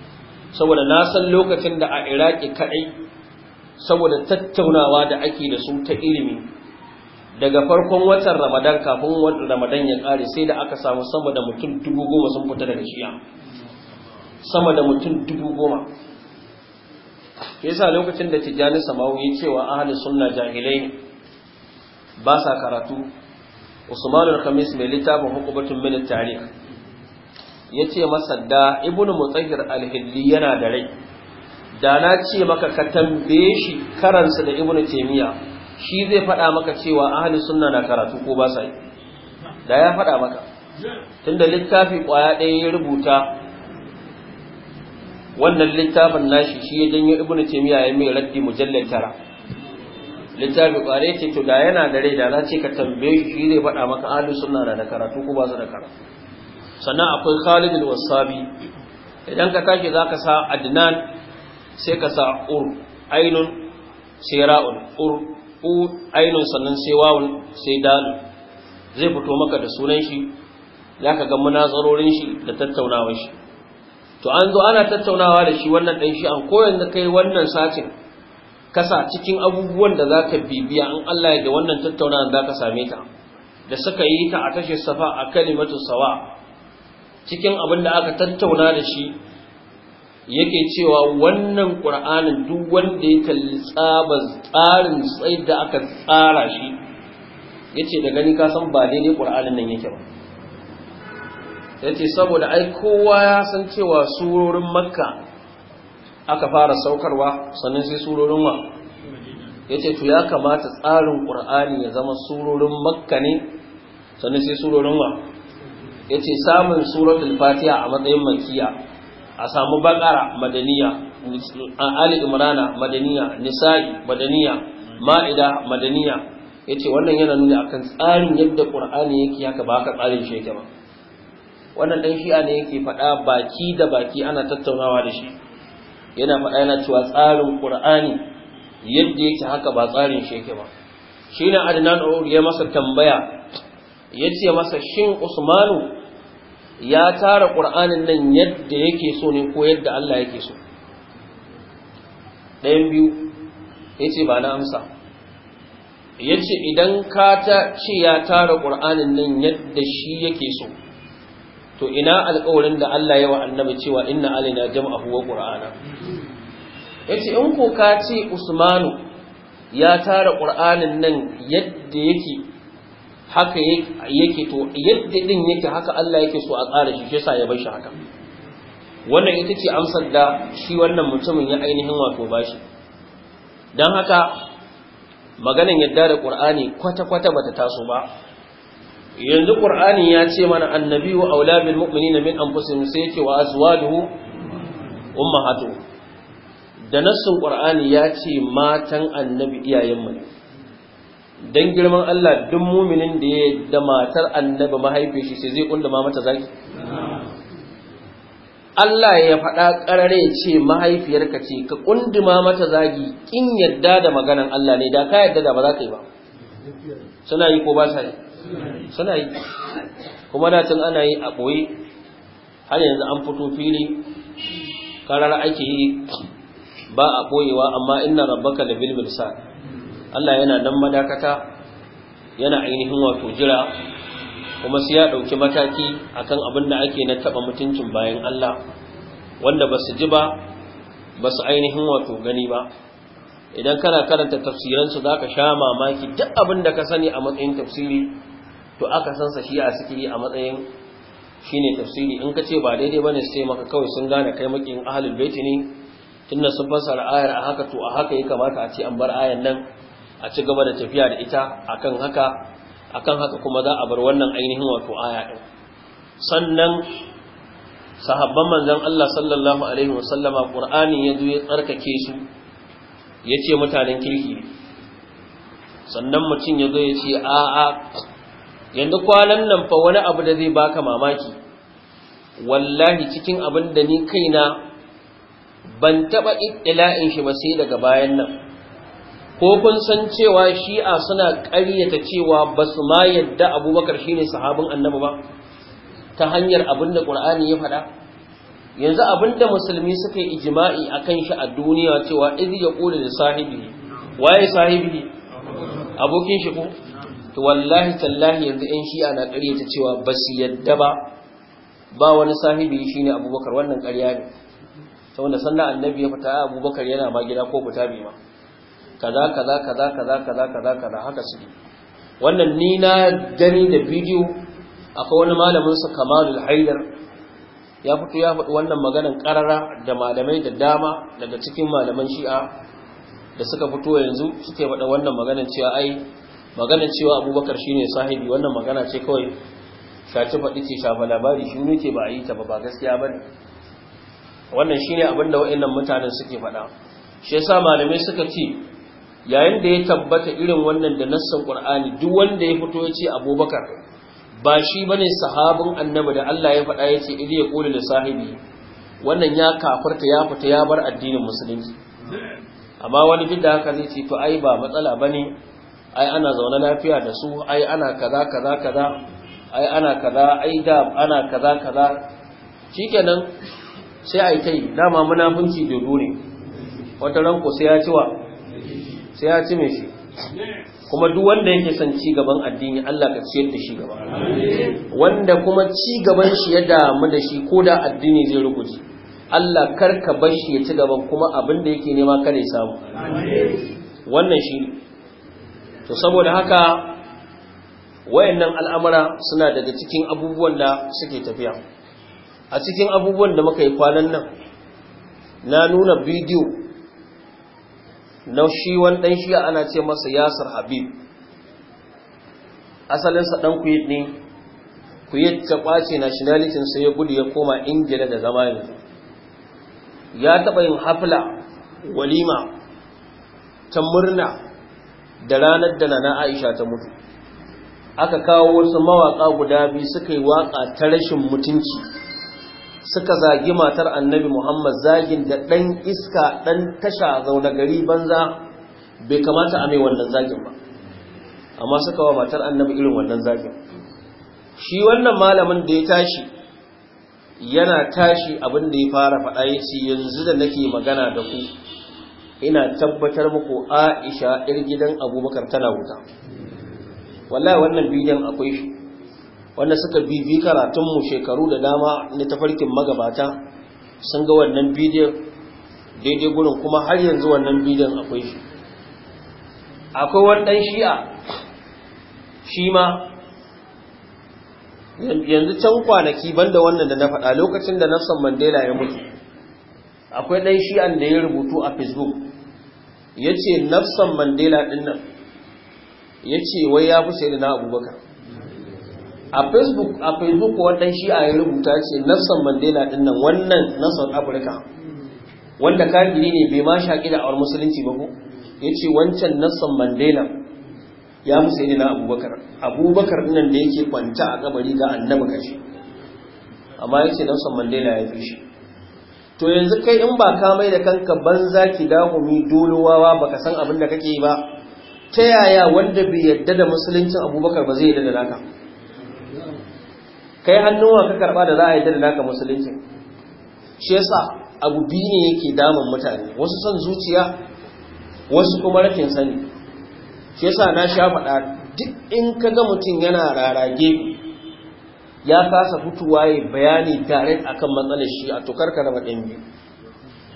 saboda na san lokacin da a iraki kadai saboda tattaunawa da ake da su ta ilimi daga farkon watan ramadan kafin watan ramadan ya kare sai da aka samu sama da mutum dubu goma sun fita daga shiya sama da mutum dubu goma yasa lokacin da tijjani samawu ya cewa ahalin sunna jahilai ba sa karatu usman al-khamis mai littafin hukubatun min tarikh yace masa da ibnu mutahhir al-hilli yana da rai da na ce maka ka tambaye shi karansa da Ibn taymiya shi zai faɗa maka cewa ahli sunna na karatu ko ba sai da ya faɗa maka tunda littafi kwaya ɗaya ya rubuta wannan littafin nashi shi ya janyo Ibn taymiya ya mai raddi mujallal tara littafi ƙware ce to da yana da rai da za ce ka tambaye shi zai faɗa maka ahlus sunna na da karatu ko ba su da karatu sannan akwai Khalid al-Wasabi idan ka za zaka sa Adnan sai ka sa ur ainun sai ra'un ur ainun sannan sai wawun sai dal zai fito maka da sunan shi zaka ga munazarorin shi da tattaunawar shi to an zo ana tattaunawa da shi wannan ɗan shi an koyar da kai wannan satin kasa cikin abubuwan da za ka bibiya an Allah ya da wannan tattaunawa za ka same ta da suka yi ta a tashar safa a kalimatu sawa cikin abin da aka tattauna da shi yake cewa wannan ƙur'anin duk wanda ya kalli tsarin tsayin da aka tsara shi ya ce da gani kasan ba daidai ƙur'anin nan yake ba ya ce saboda ai kowa ya san cewa surorin makka aka fara saukarwa sannan sai surorin wa ya ce tu ya kamata tsarin ƙur'ani ya zama surorin makka ne sannan sai surorin wa ya ce samun suratul fatiha a matsayin makiya a samu bakara madaniya ali imrana madaniya nisa'i madaniya ma'ida madaniya ya ce wannan yana nuna akan tsarin yadda ƙur'ani yake haka ba haka tsarin shi yake ba wannan ɗan shi'a ne yake faɗa baki da baki ana tattaunawa da shi yana faɗa yana cewa tsarin qur'ani yadda yake haka ba tsarin shi yake ba ne adnan ur ya masa tambaya yace masa shin usmanu ya tara qur'anin nan yadda yake so ne ko yadda Allah yake so ɗayan biyu yace ba na amsa yace idan ka ta ce ya tara qur'anin nan yadda shi yake so to ina alƙawarin da Allah ya wa annabi cewa inna alaina jam'ahu wa qur'ana yace in ko ka ce usmanu ya tara qur'anin nan yadda yake haka yake to yadda din yake haka Allah yake so a tsara shi yasa ya bar shi haka wannan ita ce amsar da shi wannan mutumin ya ainihin wato bashi dan haka maganan yadda da qur'ani kwata kwata bata taso ba yanzu qur'ani ya ce mana annabi wa aula bil mu'minina min anfusihim sai yake wa azwajuhu ummahatu da nassin qur'ani ya ce matan annabi iyayen mu dan girman Allah duk mu'minin da ya da matar annabi mahaifin shi sai zai ma mata zaki Allah ya faɗa ƙarare ya ce mahaifiyarka ce ka kunduma mata zagi kin yadda da maganan Allah ne da ka yadda da ba za ka yi ba suna yi ko ba sa yi suna yi kuma da tun ana yi a ɓoye har yanzu an fito fili karar ake yi ba a ɓoyewa amma ina rabbaka da bil Allah yana nan madakata yana ainihin wato jira kuma Su ya ɗauki mataki akan abin da ake na taɓa mutuncin bayan Allah wanda ba su ji ba ba su ainihin wato gani ba idan kana karanta tafsiransu za ka sha mamaki duk abin da ka sani a matsayin tafsiri to aka san sa shi a sikiri a matsayin shine tafsiri in ka ce ba daidai ba ne sai maka kawai sun gane kai makin ahlul baiti ne tunda sun fasa ayar a haka to a haka ya kamata a ce an bar ayar nan a ci gaba da tafiya da ita akan haka akan haka kuma za a bar wannan ainihin wato aya din sannan sahabban manzon Allah sallallahu alaihi wasallama qur'ani ya zo ya tsarkake su yace mutanen kirki sannan mutum ya zo ya ce a'a yanzu kwanan nan fa wani abu da zai baka mamaki wallahi cikin abin da ni kaina ban taɓa ittila'in shi ba sai daga bayan nan ko kun san cewa shi'a suna ƙaryata cewa ba su ma yadda abubakar shine sahabin annabi ba ta hanyar abin da ƙur'ani ya faɗa yanzu abin da musulmi suka yi ijima'i a kan shi a duniya cewa izi ya ƙuli da sahibi waye sahibi abokin shi ko to wallahi tallahi yanzu yan shi'a na ta cewa ba su yadda ba ba wani sahibi ne abubakar wannan ƙarya ne wanda sannan annabi ya fita abubakar yana ma gida ko fita bai ma kaza kaza kaza kaza kaza kaza kaza haka su wannan ni na gani da bidiyo akwai wani malamin sa kamalul haidar ya fito ya faɗi wannan maganan ƙarara da malamai da dama daga cikin malaman shi'a da suka fito yanzu suke faɗa wannan maganan cewa ai magana cewa abubakar shine sahibi wannan magana ce kawai shaci faɗi ce shafa labari shi ne ke ba a yi ta ba ba gaskiya ba ne wannan shi ne abinda wa'annan mutanen suke faɗa shi yasa malamai suka ce yayin da ya tabbata irin wannan da nassan qur'ani duk wanda ya fito ya ce abubakar ba shi bane sahabin annabi da Allah ya faɗa ya ce ya qulu da sahibi wannan ya kafarta ya fita ya bar addinin musulunci amma wani duk da haka zai ce to ai ba matsala bane ai ana zaune lafiya da su ai ana kaza kaza kaza ai ana kaza ai da ana kaza kaza shikenan sai ai tai dama munafunci da ne wata ranko sai ya ci wa sai ya ci me shi kuma duk wanda yake son ci gaban addini Allah ka ciyar da shi gaba wanda kuma ci gaban shi ya damu da shi ko da addini zai rubuce Allah kar ka bar shi ya ci gaban kuma abin da yake nema kada ya samu wannan shi to saboda haka wayannan al'amura suna daga cikin abubuwan da suke tafiya a cikin abubuwan da muka yi kwanan nan na nuna bidiyo na shi wani ɗan ana ce masa yasir habib asalinsa ɗan kuyit ne kuyit ta nationality sai ya gudu ya koma ingila da zamani. ya taɓa yin hafla walima ta murna da ranar da nana aisha ta mutu aka kawo wasu mawaƙa guda biyu suka yi waƙa ta rashin mutunci suka zagi matar annabi muhammad zagin da ɗan iska ɗan tasha zaune gari banza bai kamata a mai wannan zagin ba amma suka wa matar annabi irin wannan zagin shi wannan malamin da ya tashi yana tashi abin da ya fara faɗa ya ce yanzu da nake magana da ku ina tabbatar muku Aisha ɗin gidan Abubakar tana wuta wallahi wannan bidiyon akwai shi wanda suka bibi karatun mu shekaru da dama na tafarkin magabata sun ga wannan bidiyon daidai gurin kuma har yanzu wannan bidiyon akwai shi akwai wannan shi'a shi ma yanzu can kwanaki banda wannan da na faɗa lokacin da Nelson Mandela ya mutu akwai ɗan shi'an da ya rubutu a facebook ya ce nafsan mandela ɗin nan ya ce wai ya fi sai da na abubakar a facebook a facebook waɗannan shi a yi rubuta ce nafsan mandela ɗin nan wannan nasar afirka wanda kagiri ne bai ma shaƙi da awar musulunci ba ko ya ce wancan nafsan mandela ya fi sai da na abubakar abubakar dinnan nan da yake kwanta a kabari ga annabi gashi amma ya ce nafsan mandela ya fi shi to yanzu kai in ba ka mai da kanka banza ki dahumi dolowawa baka san abin da kake ba ta yaya wanda bai yadda da musuluncin abubakar ba zai yadda da naka kai hannuwa ka karba da za a yadda da naka musuluncin shi yasa abu biyu ne yake damun mutane wasu son zuciya wasu kuma rakin sani shi yasa na sha faɗa duk in ka ga mutum yana rarage ya kasa fitowa ya bayani tare akan matsalar shi a tokar karama ɗan biyu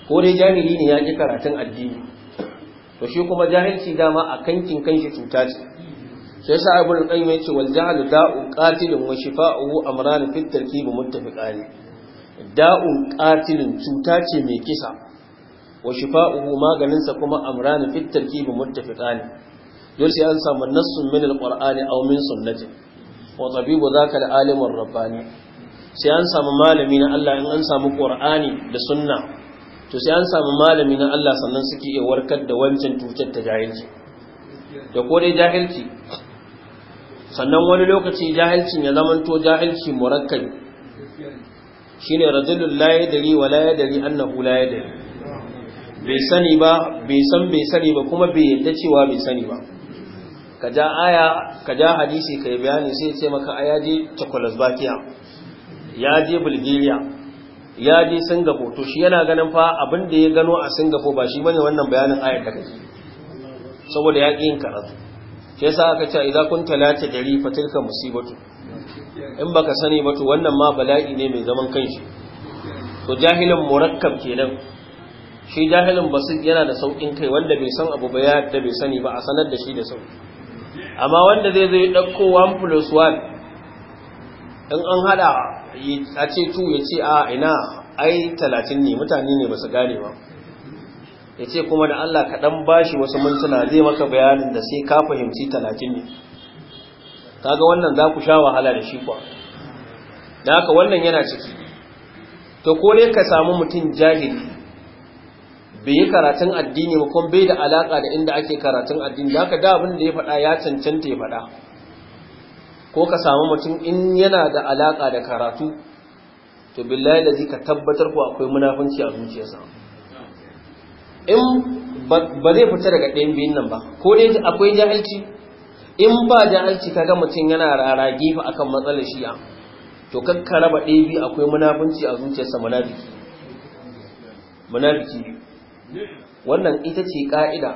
ko dai jami'i ne ya ƙi karatun addini to shi kuma jahilci dama a kankin kanshi cuta ce sai sa ibn qayyim ce wal jahlu da'u qatilun wa shifa'uhu amran fi tarkib muttafiqani da'u qatilun cuta ce mai kisa wa shifa'uhu maganin sa kuma amran fi tarkib muttafiqani dole sai an samu nassun min alqur'ani aw min sunnati wa tabibu zaka al-alimur rabbani sai an samu malami na Allah in an samu Qur'ani da sunna to sai an samu malami na Allah sannan suke iya warkar da wancan cutar ta jahilci da ko dai jahilci sannan wani lokaci jahilcin ya zamanto jahilci murakkabi shine rajulul la yadri wa la yadri annahu la yadri bai sani ba bai san bai sani ba kuma bai yadda cewa bai sani ba ka ja aya ka ja hadisi ka yi bayani sai ce maka a yaje czechoslovakia ya je bulgaria ya je singapore to shi yana ganin fa abin da ya gano a singapore ba shi bane wannan bayanin ayar da kake saboda ya yin karatu sai sa aka ce idan kun talata dari fa tilka musibatu in baka sani ba to wannan ma bala'i ne mai zaman kanshi to jahilin murakkab kenan shi jahilin basir yana da saukin kai wanda bai san abu ba ya da bai sani ba a sanar da shi da sauki amma wanda zai zai ɗauko 1 plus 1 in an haɗa a ce 2 ya ce a ina ai 30 ne mutane ne ba su gane ba ya ce kuma da Allah kaɗan ba shi wasu mintuna zai maka bayanin da sai ka fahimci 30 ne kaga wannan za ku sha wahala da shi kwa da haka wannan yana ciki to ko ne ka samu mutum jahili bai yi karatun addini ba kuma bai da alaka da inda ake karatun addini da haka da abin da ya faɗa ya cancanta ya faɗa ko ka samu mutum in yana da alaka da karatu to billahi da ka tabbatar ko akwai munafunci a zuciyarsa in ba zai fita daga ɗayan biyun nan ba ko dai akwai jahilci in ba jahilci kaga mutum yana rara gefe akan matsalar shi'a to kakkara ba ɗaya biyu akwai munafunci a zuciyarsa munafiki munafiki wannan ita ce ƙa'ida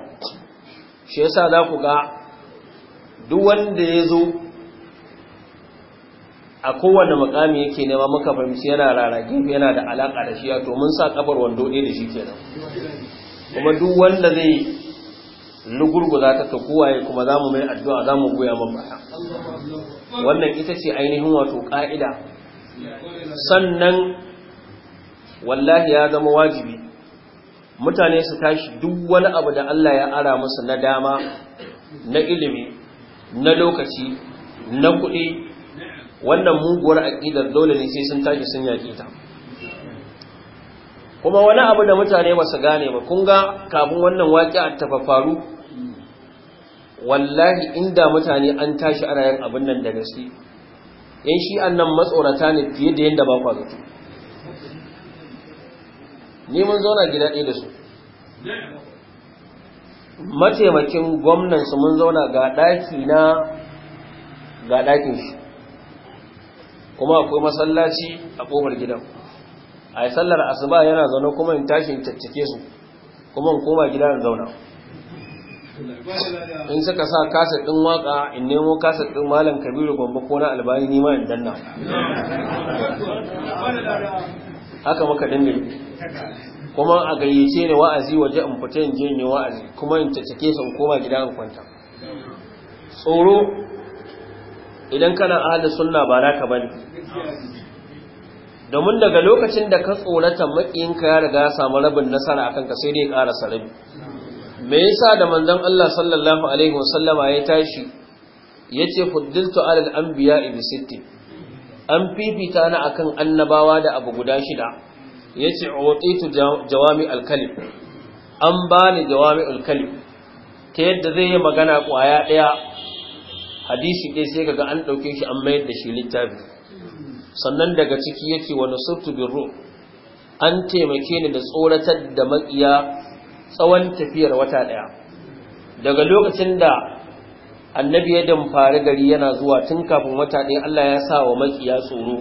shi yasa za ku ga duk wanda ya zo a kowane makami yake nema maka fahimci yana rarage yana da alaƙa da shi ya to mun sa ƙabar wando ɗaya da shi kenan kuma duk wanda zai za ta ya kuma za mu mai addu'a za mu goya man wannan ita ce ainihin wato ƙa'ida sannan wallahi ya zama wajibi mutane su tashi duk wani abu da Allah ya ara musu na dama na ilimi na lokaci na kuɗi wannan muguwar aƙidar dole ne sai sun tashi sun yaƙi ta kuma wani abu da mutane ba su gane ba kun ga kafin wannan waƙi a tafafaru wallahi inda mutane an tashi ana yin abin nan da gaske yan shi'an nan matsorata ne fiye da yadda ba kwa zato ni mun zauna gida ɗaya da su mataimakin gwamnan su mun zauna ga ɗaki na ga ɗakin shi kuma akwai masallaci a ƙofar gidan a yi sallar asuba yana zaune kuma in tashi in caccake su kuma in koma gida in zauna in suka sa kaset ɗin waƙa in nemo kaset ɗin malam kabiru gwamba ko na albani nima in danna haka maka ne, kuma a gayyace ne wa'azi waje in fita in je ne wa'azi kuma in cacake su in koma gida in kwanta tsoro idan kana ahalin sunna ba naka bane domin daga lokacin da ka tsorata makiyinka ya riga ya samu rabin nasara akan ka sai dai ya ƙara sarabi me yasa da manzon Allah sallallahu alaihi wasallama ya tashi yace fuddiltu alal anbiya'i bi sittin an fifita na akan annabawa da abu guda shida ya ce otitu jawami alkalim an ba ni jawami alkalim ta yadda zai yi magana kwaya daya. hadisi ɗaya sai kaga an ɗauke shi an mayar da shi littafi sannan daga ciki yake wani surtu ru an taimake ni da tsoratar da maƙiya tsawon tafiyar wata ɗaya daga lokacin da annabi ya damfari gari yana zuwa tun kafin wata ɗaya Allah ya sa wa makiya tsoro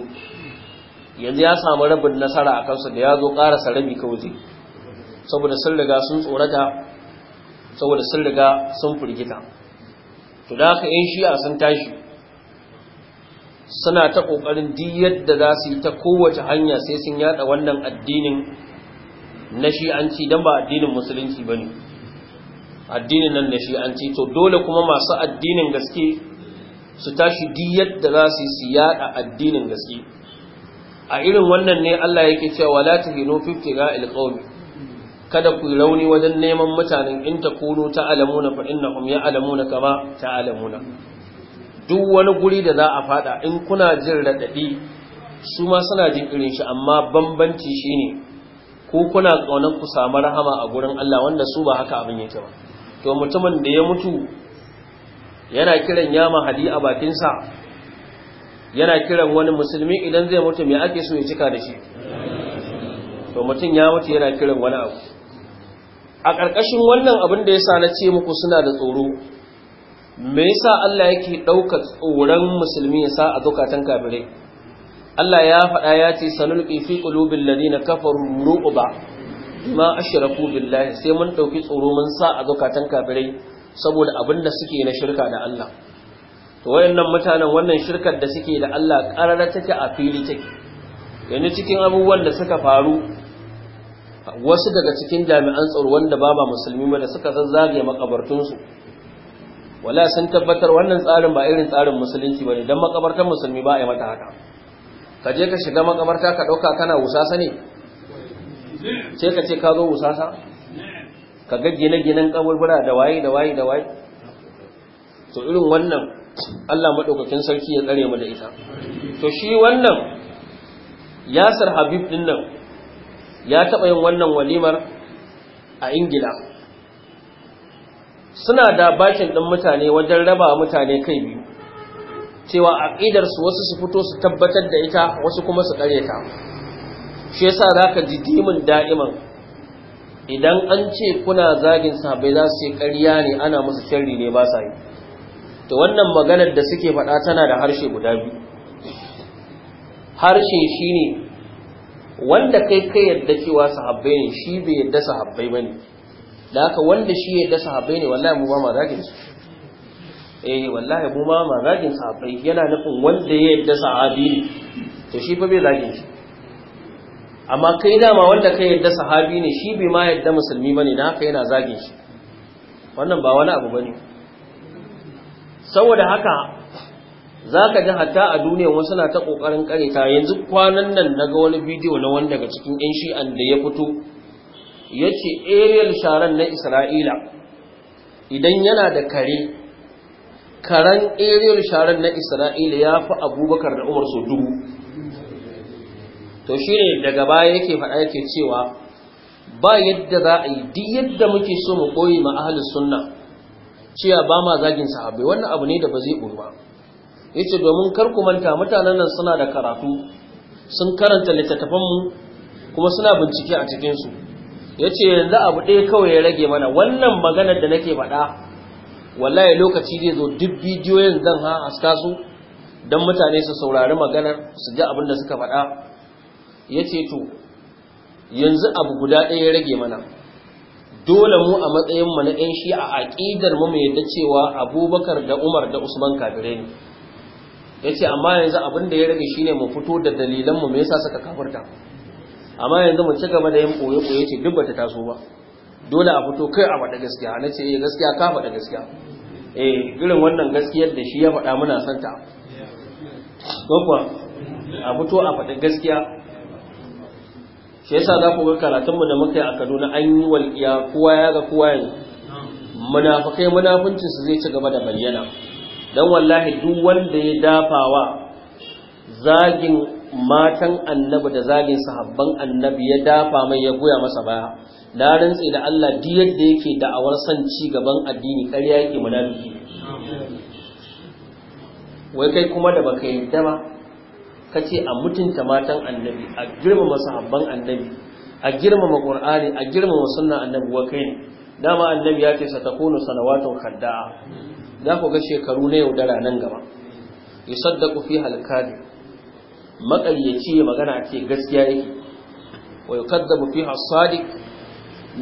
yanzu ya samu rabin nasara a kansu da ya zo ƙarasa rabi kawai saboda sun riga sun tsorata saboda sun riga sun firgita to da yin yan shi'a sun tashi suna ta ƙoƙarin duk yadda za su yi ta kowace hanya sai sun yada wannan addinin na shi'anci don ba addinin musulunci ba ne addinin nan da shi an ci to dole kuma masu addinin gaske su tashi diyar da za su yi yada addinin gaske a irin wannan ne Allah yake cewa wala tahinu fi ibtiga'il qaumi kada ku rauni wajen neman mutanen in ta alamuna fa innahum ya'lamuna kama ta'lamuna duk wani guri da za a fada in kuna jin radadi su ma suna jin irin shi amma bambanci shine ko kuna kaunar ku samu rahama a gurin Allah wanda su ba haka abin yake ba to mutumin da ya mutu yana kiran ya hadi a bakinsa yana kiran wani musulmi idan zai mutu mai ake so ya cika da shi to mutum ya mutu yana kiran wani abu a ƙarƙashin wannan abin da ya sa na ce muku suna da tsoro me yasa Allah yake ɗaukar tsoron musulmi ya sa a zukatan kafirai Allah ya faɗa ya ce sanulqi fi qulubil ladina kafaru ru'ba ma ashraku billahi sai mun dauki tsoro mun sa a zakatan kafirai saboda abin da suke na shirka da Allah to wayannan mutanen wannan shirkar da suke da Allah karara take a fili take yanzu cikin abubuwan da suka faru wasu daga cikin jami'an tsaro wanda ba ba musulmi ba da suka zazzage makabartunsu wala sun tabbatar wannan tsarin ba irin tsarin musulunci bane dan makabartan musulmi ba a mata haka kaje ka shiga makabarta ka dauka kana wusa ne sai ka ce ka zo musasa ka ga gine-ginen kaburbura da waye da waye da waye to irin wannan Allah maɗaukakin sarki ya tsare mu da ita to shi wannan Yasir Habib din nan ya taɓa yin wannan walimar a Ingila suna da bakin ɗin mutane wajen raba mutane kai biyu cewa a ƙidarsu wasu su fito su tabbatar da ita wasu kuma su kare ta shi yasa ka ji dimin da'iman idan an ce kuna zagin sahabbai za su yi ƙarya ne ana musu sharri ne ba sa yi to wannan maganar da suke faɗa tana da harshe guda biyu harshe shi ne wanda kai kai yadda cewa sahabbai ne shi bai yadda sahabbai ne. da haka wanda shi yadda sahabbai ne wallahi mu ba ma zagin su eh wallahi mu ma ma zagin sahabbai yana nufin wanda ya yadda sahabi ne to shi fa bai zagin shi amma kai dama wanda kai yadda sahabi ne shi bai ma yadda musulmi bane dan haka yana zagin shi wannan ba wani abu bane saboda haka zaka ji hatta a duniya wasu na ta kokarin ta, yanzu kwanan nan naga wani bidiyo na wanda daga cikin yan shi'an da ya fito yace Ariel Sharan na Isra'ila idan yana da kare karan Ariel Sharan na Isra'ila ya fi Abubakar da Umar so dubu to shi ne daga baya yake faɗa yake cewa ba yadda za a yi duk yadda muke so mu koyi ma ahalin sunna cewa ba ma zagin sahabbai wannan abu ne da ba zai ɓoye ba ce domin kar ku manta mutanen nan suna da karatu sun karanta littattafan kuma suna bincike a cikinsu. Ya ce yanzu abu ɗaya kawai ya rage mana wannan maganar da nake faɗa wallahi lokaci zai zo duk bidiyoyin zan ha su don mutane su saurari maganar su ji abin da suka faɗa ya ce to yanzu abu guda ɗaya ya rage mana dole mu a matsayinmu na 'yan shi a aƙidar mu mai yadda cewa abubakar da umar da usman kafirai ne ya ce amma yanzu abin da ya rage shi ne mu fito da dalilanmu me yasa suka kafirta amma yanzu mu ci gaba da yin ɓoye-ɓoye ce duk bata taso ba dole a fito kai a faɗa gaskiya na ce eh, gaskiya ka faɗa gaskiya eh irin wannan gaskiyar da shi ya faɗa muna santa ko a fito a faɗa gaskiya shi yasa za ku ga karatunmu da muka yi a Kaduna an yi walƙiya kowa ya ga kowa yanzu munafikai munafuncin su zai ci gaba da bayyana dan wallahi duk wanda ya dafawa zagin matan annabi da zagin sahabban annabi ya dafa mai ya goya masa baya da rantsi da Allah duk yadda yake da'awar san ci gaban addini ƙarya yake munafiki wai kai kuma da baka yarda ba ka ce a mutunta matan annabi a girmama sahabban annabi a girmama qur'ani a girmama sunna annabi wa kai dama annabi ya ce satakunu salawatu khadda'a za ku ga shekaru na yaudara nan gaba yusaddaqu fi halkadi maƙaryaci ya magana ce gaskiya yake wa yukaddabu fiha sadiq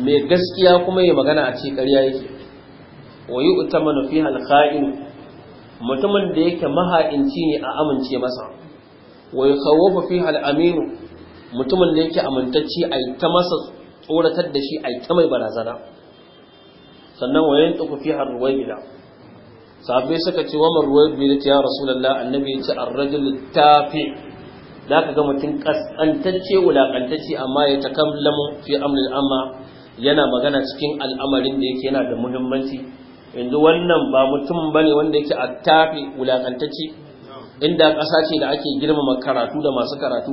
mai gaskiya kuma ya magana a ce ƙarya yake wa yu'tamanu fi al mutumin da yake maha'inci ne a amince masa wa yukhawwafu fiha al-aminu mutumin da yake amintacci ai ta masa tsoratar da shi ai ta mai barazana sannan wa yantuku fiha ar-ruwaybila sahabbai suka ce wa marruwaybila ya rasulullah annabi ya ce ar-rajul tafi da ka ga mutum kaskantacce wulakantacce amma ya takallamu fi amril amma yana magana cikin al'amarin da yake yana da muhimmanci yanzu wannan ba mutum bane wanda yake attafi wulakantacce inda ƙasa ce da ake girmama karatu da masu karatu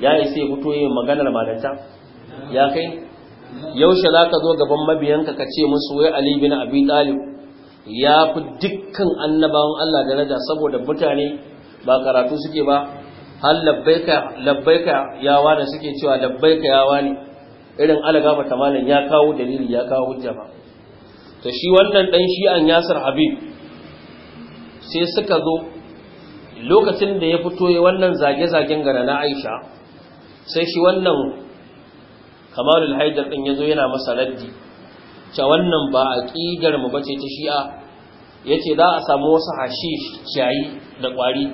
ya isa ya fito yin maganar malanta ya kai yaushe za ka zo gaban mabiyanka ka ce musu wai ali bin abi talib ya fi dukkan annabawan allah daraja saboda mutane ba karatu suke ba har labbaika labbaika yawa da suke cewa labbaika yawa ne irin alaga ta malam ya kawo dalili ya kawo hujja ba to shi wannan dan an yasir habib sai suka zo lokacin da ya fito ya wannan zage-zagen gana na aisha sai shi wannan kamalul haidar ɗin ya zo yana masa raddi ce wannan ba a ƙidar mu bace ta shi'a ya ce za a samu wasu hashish ciyayi da ƙwari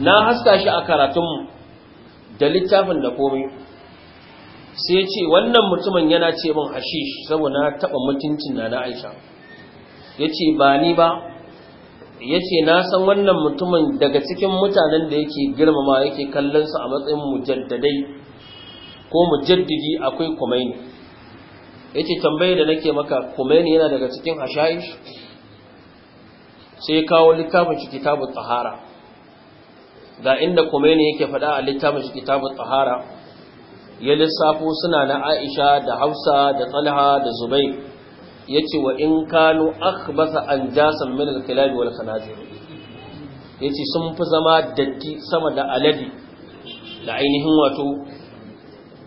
na haska shi a karatunmu da littafin da komai sai ya ce wannan mutumin yana ce min hashish saboda na taɓa mutuncin na na aisha ya ce ba ni ba yace na san wannan mutumin daga cikin mutanen da yake girmama yake kallon su a matsayin mujaddadai ko mujaddidi akwai ya yace tambayar da nake maka kumaini yana daga cikin hashaish sai kawo littafin shi kitabu tsahara ga inda kumaini yake faɗa a littafin shi kitabu tsahara ya lissafo suna na Aisha da Hausa da Talha da Zubair yace wa in kanu akhbasa an jasan min al kilabi wal khanazir yace sun fi zama datti sama da alade da ainihin wato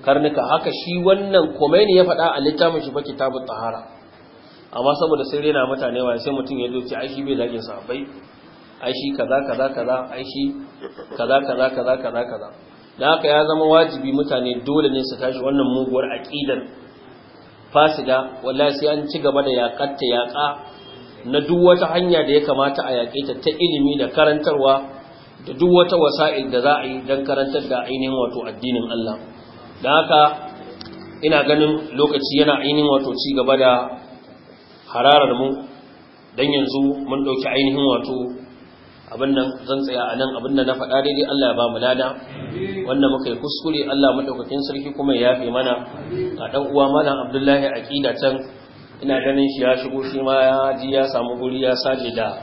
karnuka haka shi wannan komai ne ya faɗa a littafin shi ba kitabut tahara amma saboda sai rena mutane wa sai mutum ya zo ce ai shi bai zagin bai? ai shi kaza kaza kaza ai shi kaza kaza kaza kaza kaza haka ya zama wajibi mutane dole ne su tashi wannan muguwar aqidar fasida wallahi sai an ci gaba da yakatta yaƙa na duk wata hanya da ya kamata a yake ta ta ilimi da karantarwa da duk wata wasa'il da za a yi don karantar da ainihin wato addinin Allah da haka ina ganin lokaci yana ainihin wato ci gaba da hararar mu don yanzu mun ɗauki ainihin wato abin nan zan tsaya a nan abin da na faɗa daidai Allah ya ba mu lada wanda muka yi kuskure Allah madaukakin sarki kuma ya yafe mana a dan uwa malam Abdullahi aqida can ina ganin shi ya shigo shi ma ya ji ya samu guri ya saje da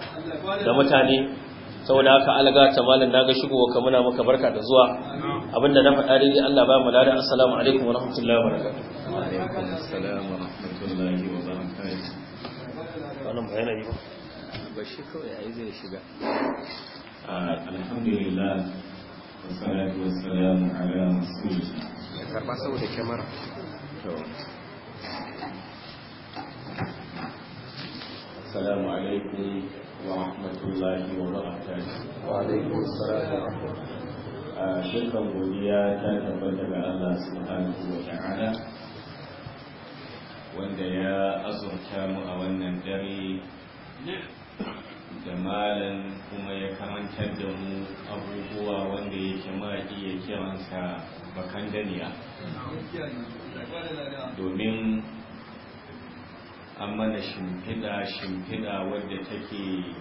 da mutane saboda haka alaga ta malam ga shigowa ka muna maka barka da zuwa abinda na faɗa daidai Allah ba mu lada assalamu alaikum wa rahmatullahi wa barakatuh wa alaikum assalam wa rahmatullahi wa wannan bayani ne السلام عليكم ورحمة الله وبركاته وعليكم السلام ورحمة الله شيخ الغولية كانت بدل الله سبحانه وتعالى وانت يا أصر كام أولنا الدري نعم da malam kuma ya karantar da mu abubuwa wanda yake ma iya kiransa bakan daniya domin an mana shimfiɗa shimfiɗa wadda take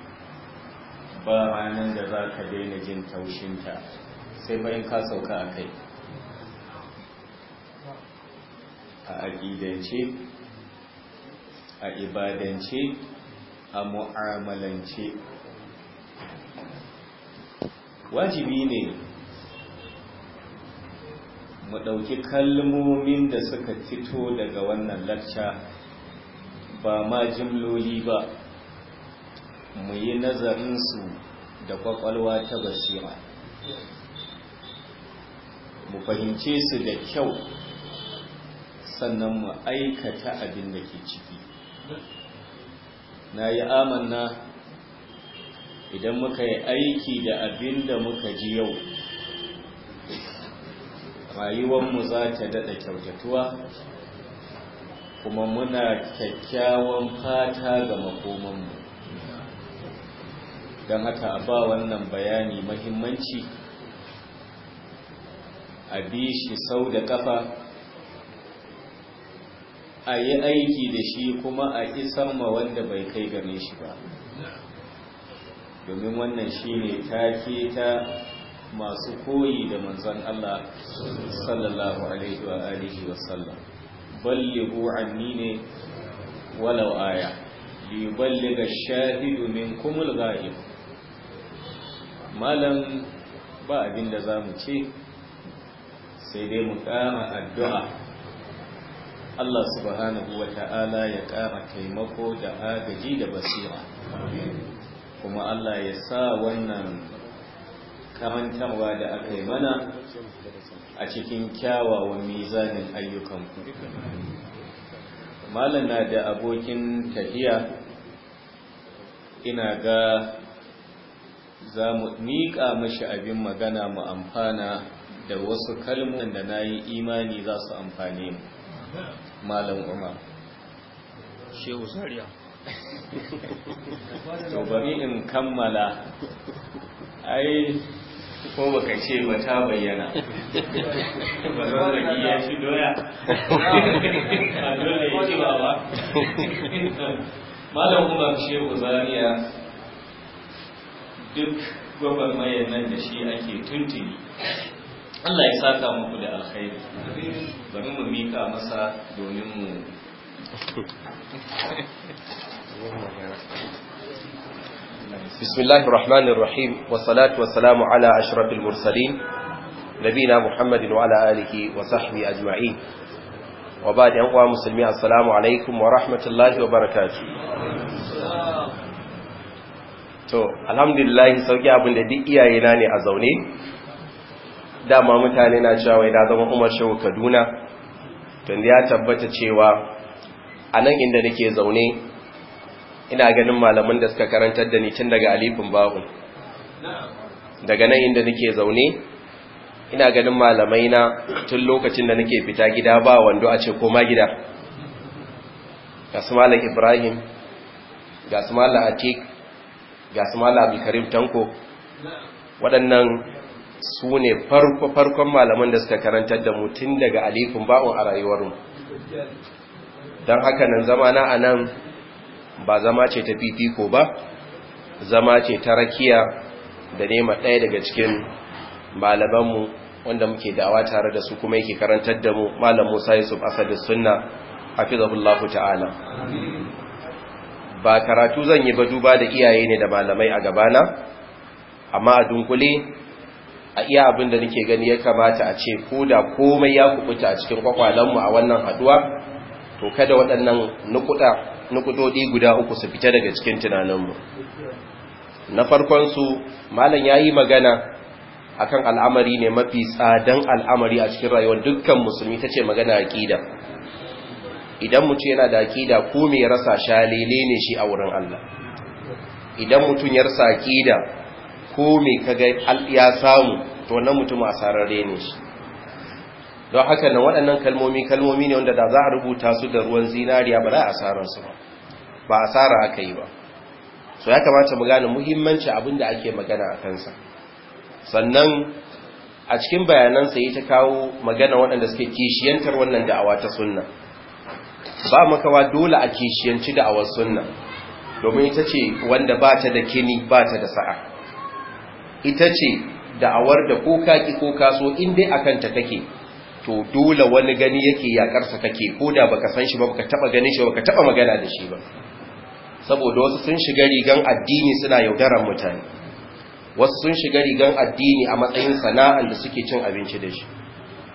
ba ranar da za ka daina jin taushinta sai bayan ka sauka a kai a aƙidance a ibadance a mu'amalance wajibi ne mu ɗauki kalmomin da suka fito daga wannan lacca ba ma jimloli ba mu yi nazarinsu da kwakwalwa ta basira mu fahimce su da kyau sannan mu aikata abin da ke ciki na yi amanna idan muka yi aiki da abin da muka ji yau rayuwanmu za ta daɗa kyautatuwa kuma muna kyakkyawan fata ga makomanmu don haka ba wannan bayani mahimmanci a bi shi sau da ƙafa a yi aiki da shi kuma a isar ma wanda bai kai game shi ba domin wannan shine take ta masu koyi da manzan Allah sallallahu alaihi wa alihi wa sallam ballighu anni ne walau aya li ga shahidu minkum kuma malam ba abinda za mu ce sai dai mu kama addu'a Allah subhanahu wa ta'ala ya ƙara taimako da agaji da basira kuma Allah ya sa wannan karantarwa da aka yi mana a cikin kyawawan mizanin ayyukanku malam da abokin tafiya, ina ga za mu miƙa mashi abin magana mu amfana da wasu kalmomin da na yi imani za su amfane mu malam umar shehu sariya to bari in kammala ai ko baka ce ba ta bayyana ba zo da ya ci doya ba dole ya ci ba ba malam umar shehu zariya duk gwagwarmayar nan da shi ake tuntuni Allah ya saka muku da alkhairi bari mu mika masa domin mu بسم الله الرحمن الرحيم والصلاة والسلام على أشرف المرسلين نبينا محمد وعلى آله وصحبه أجمعين وبعد أنواع مسلمين السلام عليكم ورحمة الله وبركاته to alhamdulillah sauki abin da duk iyayena ne a zaune dama mutane na cewa wai da zama umar shehu kaduna tunda ya tabbata cewa a nan inda nake zaune ina ganin malaman da suka karantar da ni tun daga alifin bahu daga nan inda nake zaune ina ganin malamai na tun lokacin da nake fita gida ba wando a ce koma gida ga su ibrahim ga su malam atik ga su tanko waɗannan su ne farkon malaman da suka karantar da mutum daga alifin ba'un a rayuwar don haka nan zama na a nan ba zama ce ta fifiko ba zama ce ta rakiya da nema ɗaya daga cikin malamanmu wanda muke dawa tare da su kuma yake karantar da mu malam musa yusuf asadu sunna hafizahullahu ta'ala ba karatu zan yi ba duba da iyaye ne da malamai a gabana amma a dunkule a iya abin da nake gani ya kamata a ce ko da komai ya kubuta a cikin kwakwalenmu a wannan haduwa to kada waɗannan nukudodi guda uku su fita daga cikin tunaninmu na farkonsu malam ya yi magana akan al'amari ne mafi tsadan al'amari a cikin rayuwar dukkan musulmi ta ce magana aƙida idan mutum yana da aƙida ko mai rasa shalele ne shi a wurin Allah idan mutum ya rasa aƙida ko mai kaga ya samu to wannan mutum sararre ne shi don haka nan waɗannan kalmomi kalmomi ne wanda da za a rubuta su da ruwan zinariya ba za a asarar su ba ba asara aka yi ba so ya kamata mu gane muhimmanci abin da ake magana a kansa sannan a cikin bayanan sai ta kawo magana waɗanda suke kishiyantar wannan da'awa ta sunna ba makawa dole a kishiyanci da'awar sunna domin ita ce wanda ba ta da kini ba ta da sa'a ita ce da da ko kaki ko kaso in dai kanta kanta kake to dole wani gani yake ya karsa kake ko da baka san shi ba baka taba ganin shi baka taba magana da shi ba saboda wasu sun shiga rigan addini suna yaudaran mutane wasu sun shiga rigan addini a matsayin sana'ar da suke cin abinci da shi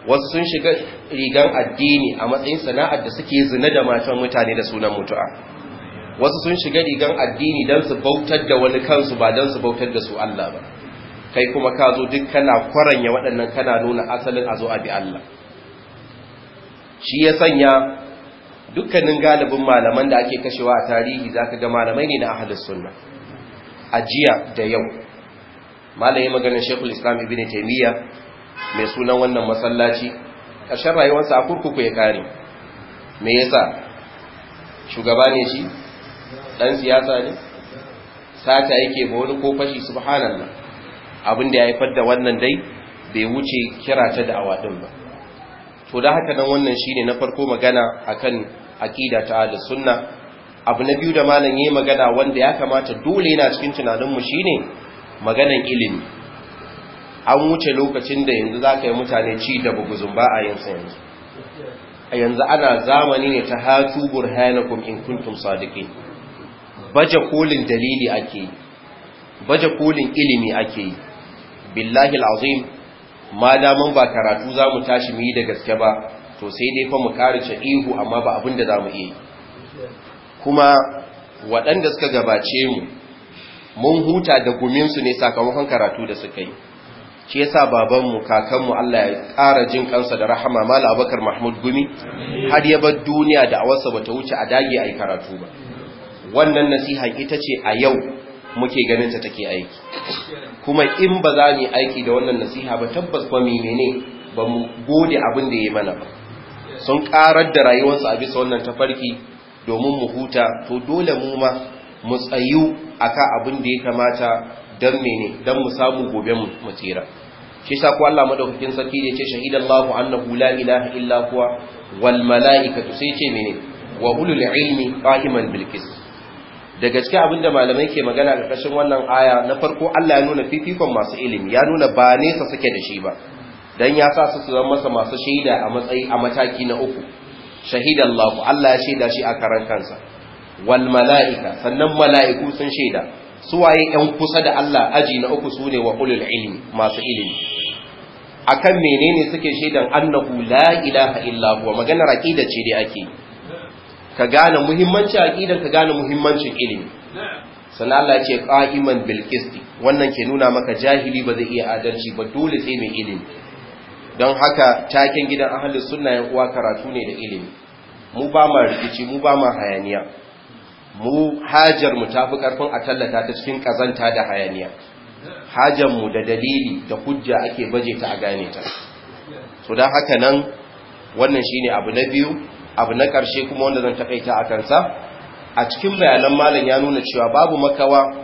wasu sun shiga rigan addini a matsayin sana'ar da suke zina da matan mutane da sunan mutu'a wasu sun shiga rigan addini don su bautar da wani kansu ba don su bautar da su Allah ba kai kuma ka zo duk kana kwaranya waɗannan kana nuna asalin a zo a bi Allah shi ya sanya dukkanin galibin malaman da ake kashewa a tarihi za ka ga malamai ne na ahalin sunna a jiya da yau malaye maganin shekul islam ibn taimiyya mai sunan wannan masallaci ƙarshen rayuwarsa a kurkuku ya kare me yasa shugaba ne shi ɗan siyasa ne sata yake ba wani ko fashi subhanallah abin da ya haifar da wannan dai bai wuce kira ta awa din ba to da haka nan wannan shine na farko magana akan aqida ta ahlus sunna abu na biyu da malam yayi magana wanda ya kamata dole yana cikin tunanin mu shine maganan ilimi an wuce lokacin da yanzu zaka yi mutane ci da buguzun ba a yin yanzu a yanzu ana zamani ne ta hatu burhanakum in kuntum sadiqin baje kolin dalili ake baje kolin ilimi ake yi billahi alazim ma daman ba karatu za mu tashi mu yi da gaske ba to sai dai fa mu karice ihu amma ba abin da za mu yi kuma waɗanda suka gabace mu mun huta da guminsu ne sakamakon karatu da suka yi shi yasa babanmu kakanmu Allah ya ƙara jin kansa da rahama mala abakar mahmud gumi har ya bar duniya da awarsa bata wuce a dage a karatu ba wannan nasiha ita ce a yau muke ganin ta take aiki kuma in ba za mu aiki da wannan nasiha ba tabbas ba mu mene ba mu gode abin da yayi mana ba sun karar da rayuwarsu a bisa wannan tafarki domin mu huta to dole mu ma mu tsayu akan abin da ya kamata dan mene dan mu samu gobe mu tsira shi sa ko Allah madaukakin sarki da ya ce shahidallahu annahu la ilaha illa huwa wal malaikatu sai ce mene wa ulul ilmi qahiman bil qism da gaske da malamai ke magana ƙarƙashin wannan aya na farko Allah ya nuna fifikon masu ilimi ya nuna ba nesa suke da shi ba dan ya sa su zama masa masu shaida a matsayi a mataki na uku shahidallahu. Allah ya shaida shi a karan kansa wal malaika sannan malaiku sun shaida su waye yan kusa da Allah aji na uku sune wa ulul ilmi masu ilimi akan menene suke shaidan annahu la ilaha illa huwa maganar aqida ce dai ake yi ka gane muhimmancin aqidan ka gane muhimmancin ilimi sannan Allah ce qa'iman bil wannan ke nuna maka jahili ba zai iya adalci ba dole sai mai ilimi don haka taken gidan ahlus sunna yan uwa karatu ne da ilimi mu ba ma rikici mu ba ma hayaniya mu hajar mu tafi karfin a tallata ta cikin kazanta da hayaniya hajar mu da dalili da hujja ake baje ta a gane ta so dan haka nan wannan shine abu na biyu abu na ƙarshe kuma wanda zan takaita a kansa a cikin bayanan malam ya nuna cewa babu makawa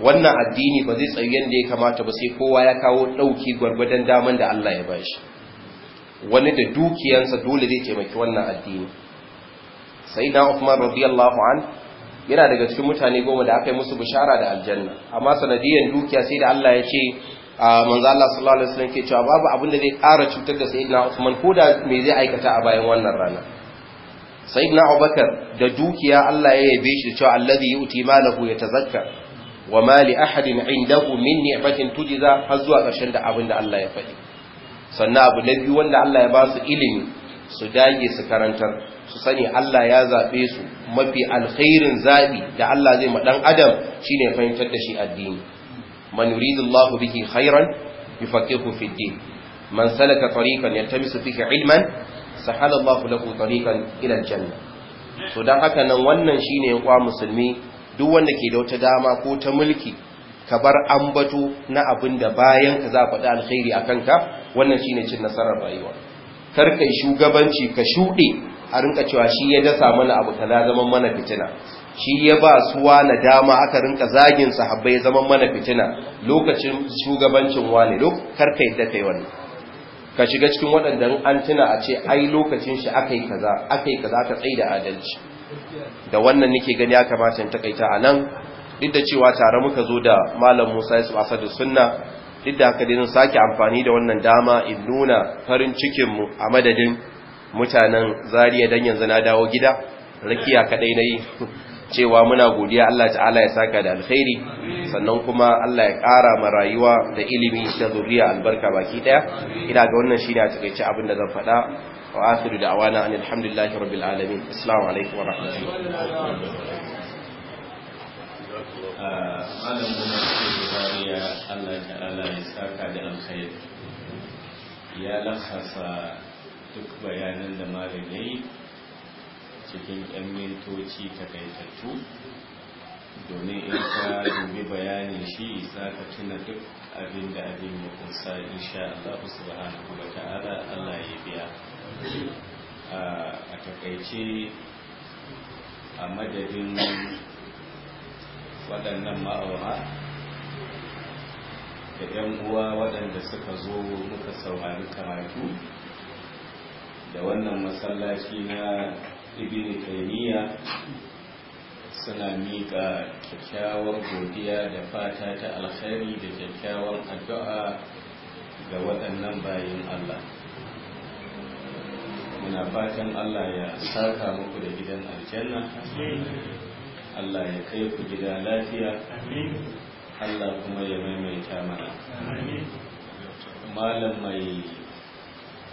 wannan addini ba zai tsayu yadda ya kamata ba sai kowa ya kawo ɗauki gwargwadon daman da Allah ya ba shi wani da dukiyansa dole zai taimaki wannan addini sai na Uthman radiyallahu an yana daga cikin mutane goma da aka yi musu bishara da aljanna amma sanadiyan dukiya sai da Allah ya ce a manzo Allah sallallahu alaihi wasallam ke cewa babu abin da zai ƙara cutar da sayyidina Uthman ko da me zai aikata a bayan wannan rana na abubakar da dukiya Allah ya yabe shi cewa allazi yuti malahu tazakka. wa mali ahadin indahu min ni'matin tujza har zuwa ƙarshen da abin da Allah ya faɗi sannan abu na biyu wanda Allah ya ba su ilimi su dage su karantar su sani Allah ya zaɓe su mafi alkhairin zaɓi da Allah zai ma ɗan adam shine fahimtar da shi addini man yuridullahu bihi khairan yufaqihu fi din man salaka tariqan yaltamisu fihi ilman sahalallahu lahu tariqan ila aljanna to dan haka nan wannan shine kwa musulmi duk wanda ke da wata dama ko ta mulki ka bar ambato na abinda bayan ka za faɗi alkhairi akan ka wannan shine cin nasarar rayuwa kar kai shugabanci ka shuɗe a rinka cewa shi ya dasa mana abu kaza zaman mana fitina shi ya ba suwa na dama aka rinka zagin sahabbai zaman mana fitina lokacin shugabancin wani lokacin karka yi kai wannan ka shiga cikin waɗanda an tuna a ce ai lokacin shi aka yi kaza aka yi kaza aka tsaye da adalci da wannan nake gani ya kamata in takaita a nan duk da cewa tare muka zo da malam musa yusuf asadu sunna duk da haka dinin sake amfani da wannan dama in nuna farin mu a madadin mutanen zariya dan yanzu na dawo gida rakiya kadai na yi cewa muna godiya Allah ta'ala ya saka da alkhairi sannan kuma Allah ya ƙara ma rayuwa da ilimi da zuriya albarka baki ɗaya ina ga wannan ne a takeice abin da zan faɗa wa asiru da awana an alhamdulillahi rabbil alamin assalamu alaikum wa rahmatullahi ya saka da duk bayanan da malamai. cikin 'yan mintoci takaitattu domin in ka dubi bayanin shi za ka tuna duk abin da abin ya kunsa insha Allah subhanahu wa ta'ala Allah ya biya a takaice a madadin waɗannan ma'aura da 'yan uwa waɗanda suka zo muka saurari karatu da wannan masallaci na ibn taymiya suna miƙa kyakkyawar godiya da fata ta alkhairi da kyakkyawar addu'a ga waɗannan bayan Allah muna fatan Allah ya saka muku da gidan aljanna Allah ya kai ku gida lafiya Allah kuma ya maimaita mana malam mai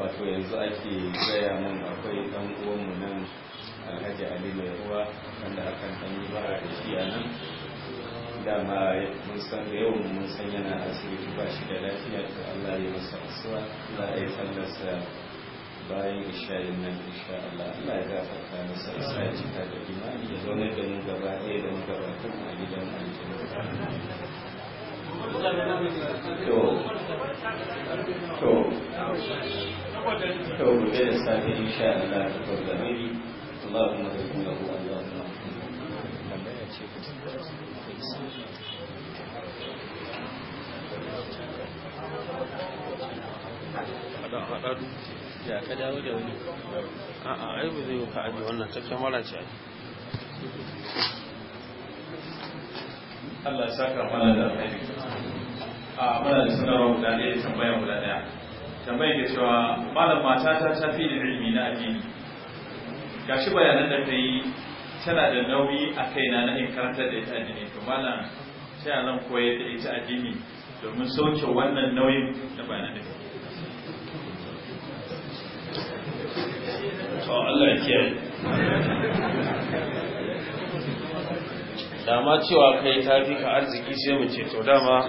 wato yanzu ake gaya mun akwai dan mu nan alhaji ali mai ruwa wanda akan dan yi bara da shi a nan dama mun san da mun san yana asibiti ba shi da lafiya to Allah ya masa asuwa Allah ya sallarsa bayan ishayin nan insha Allah Allah ya gafarta masa isa cika da imani ya zaune da mu gaba ɗaya da mu gaba kuma a gidan aljanna to to to gobe da Allah ya da ba saka mana da alheri a mana da sanarwa guda ɗaya tambaya guda ɗaya tambayi ke cewa malam matata ta fi da ilimi na addini gashi bayanan da ta yi tana da nauyi a kaina na in karantar da ita addini to malam ta yana zan koyar da ita addini domin sauke wannan nauyin da bayanan da Allah ya dama cewa kai ta fi ka arziki sai mu ce to dama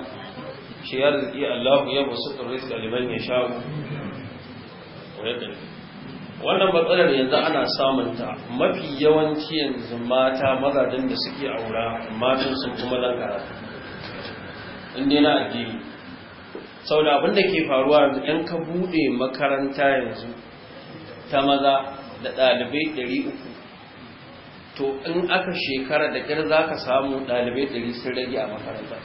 shi ya rizki Allah ya basu rizqa liman yasha wa yaqdir wannan matsalar yanzu ana samun ta mafi yawanci yanzu mata mazajen da suke aura matan sun kuma zan karatu inda na addini sau da abinda ke faruwa yanzu ɗan ka bude makaranta yanzu ta maza da ɗalibai ɗari uku to in aka shekara da ƙir za ka samu ɗalibai ɗari sun rage a makaranta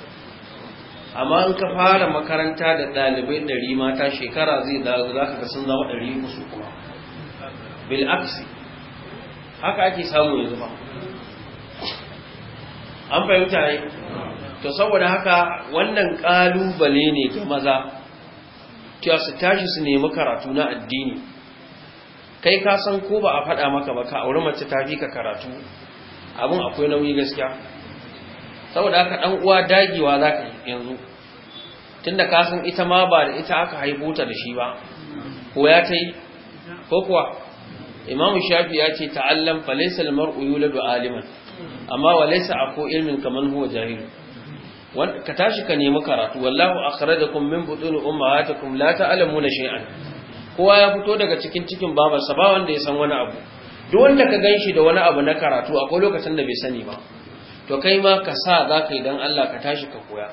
amma in ka fara makaranta da ɗalibai ɗari mata shekara zai dawo za ka sun zama ɗari uku kuma bil aksi haka ake samu yanzu ba an fahimta ne to saboda haka wannan ƙalubale ne ga maza kya su tashi su nemi karatu na addini kai ka san ko ba a faɗa maka ba ka auri mace ta fi ka karatu abin akwai nauyi gaskiya saboda haka dan uwa dagewa zaka yanzu tunda ka san ita ma ba da ita aka haihu ta da shi ba ko ya tai ko kuwa imamu shafi ya ce ta'allam fa laysa almar'u yuladu aliman amma wa laysa aku ilmin kaman huwa jahil ka tashi ka nemi karatu wallahu akhrajakum min butun ummahatikum la ta'lamuna shay'an kowa ya fito daga cikin cikin babarsa ba wanda ya san wani abu duk wanda ka ganshi da wani abu na karatu akwai lokacin da bai sani ba to kai ma ka sa za ka yi don Allah ka tashi ka koya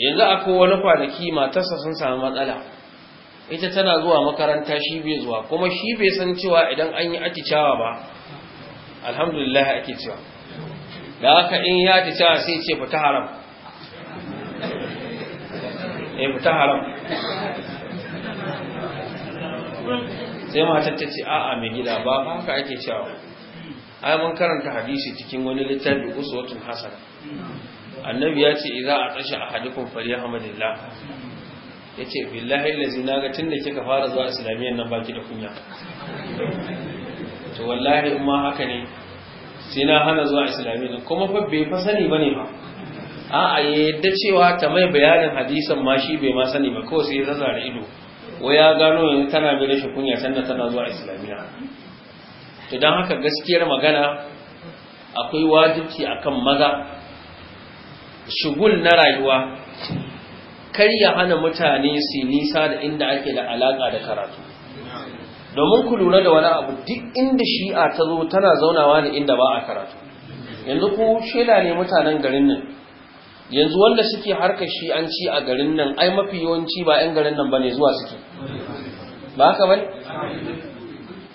yanzu akwai wani kwanaki matarsa sun samu matsala ita tana zuwa makaranta shi bai zuwa kuma shi bai san cewa idan an yi aticawa ba alhamdulillah ake cewa da haka in ya aticawa sai ce fita haram eh fita haram sai matar ta ce a'a mai gida ba haka ake cewa ai mun karanta hadisi cikin wani littafi uswatun hasan annabi ya ce idza atasha ahadukum falyahamdillah yace billahi allazi naga tunda kika fara zuwa islamiyan nan baki da kunya to wallahi in ma haka ne sai na hana zuwa islamiyan kuma fa bai fa sani bane ba a'a yadda cewa ta mai bayanin hadisan ma shi bai ma sani ba kawai sai ya zazzara ido wai ya gano yanzu tana mai rashin kunya sannan tana zuwa islamiya to don haka gaskiyar magana akwai wajibci akan maza shugul na rayuwa kar ya hana mutane su nisa da inda ake da alaka da karatu domin ku lura da wani abu duk inda shi'a ta zo tana zaunawa da inda ba a karatu yanzu ku shaida ne mutanen garin nan yanzu wanda suke harkar shi'anci a garin nan ai mafi yawanci ba 'yan garin nan ba ne zuwa suke ba haka bane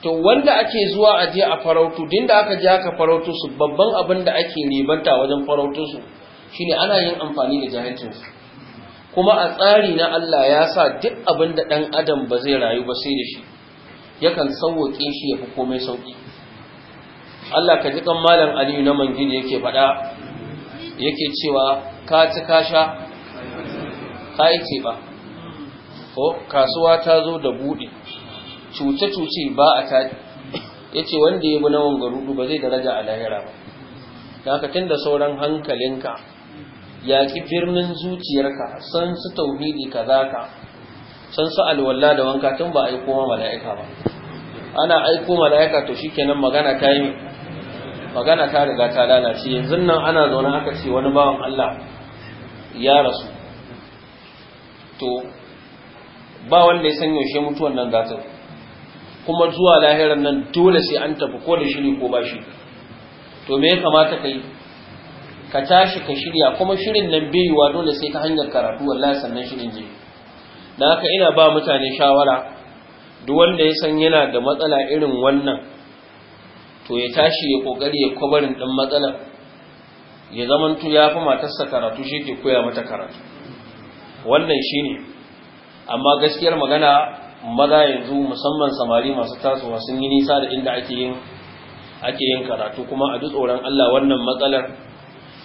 to wanda ake zuwa a je a farautu din da aka je aka farautu su babban abin da ake ribanta wajen farautu su shine ana yin amfani da jahilcin su kuma a tsari na Allah ya sa duk abin da dan adam ba zai rayu ba sai da shi yakan sauwake shi ya fi komai sauƙi Allah ka ji kan malam Aliyu na mangini yake faɗa yake cewa ka ci ka sha ka yi ce ba ko kasuwa ta zo da buɗe cuce-cuce ba a taɗi ya ce wanda ya bi na wangarudu ba zai daraja a lahira ba da tun da sauran hankalinka ya ƙi birnin zuciyarka san su tauhidi ka za ka san su alwalla da wanka tun ba a yi koma mala'ika ba ana aiko mala'ika to shi kenan magana ta yi magana ta riga ta lalace yanzu nan ana zaune aka ce wani bawan Allah ya rasu to ba wanda ya san yaushe mutuwan nan za kuma zuwa lahiran nan dole sai an tafi ko da shiri ko ba shi to me ya kamata ka ka tashi ka shirya kuma shirin nan bai dole sai ka hanyar karatu wallahi sannan shirin je dan haka ina ba mutane shawara duk wanda ya san yana da matsala irin wannan to ya tashi ya kokari ya kwabarin din matsalar ya zamanto ya fi matarsa karatu shi ke koya mata karatu wannan shine amma gaskiyar magana maza yanzu musamman samari masu tasowa sun yi nisa da inda ake yin ake yin karatu kuma a duk tsoron Allah wannan matsalar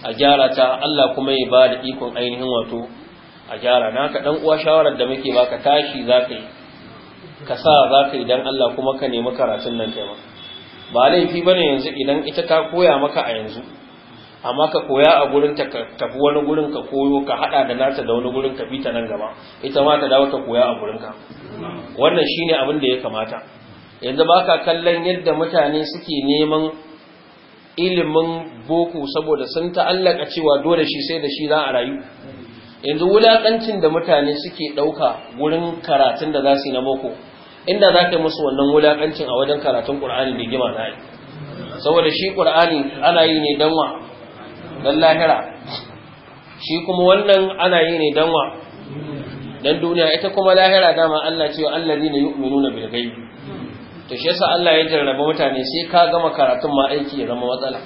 a gyara ta Allah kuma ya ba da ikon ainihin wato a gyara naka dan uwa shawarar da muke baka tashi zaka yi ka sa zaka yi dan Allah kuma ka nemi karatun nan kai ba laifi bane yanzu idan ita ta koya maka a yanzu amma ka koya a gurin ta tafi wani gurin ka koyo ka hada da nata da wani gurin ka bi ta nan gaba ita ma ta dawo ta koya a gurin ka wannan shine abin da ya kamata yanzu baka kallon yadda mutane suke neman ilimin boko saboda sun ta'allaka cewa dole shi sai da shi za a rayu yanzu wulakancin da mutane suke dauka gurin karatun da za su yi na boko inda za ka musu wannan wulakancin a wajen karatun qur'ani da gima na yi saboda shi qur'ani ana yi ne dan wa dan lahira shi kuma wannan ana yi ne dan wa dan duniya ita kuma lahira dama Allah cewa allazina yu'minuna bil ghaib to shi yasa Allah ya jarraba mutane sai ka gama karatun ma aiki ya zama matsala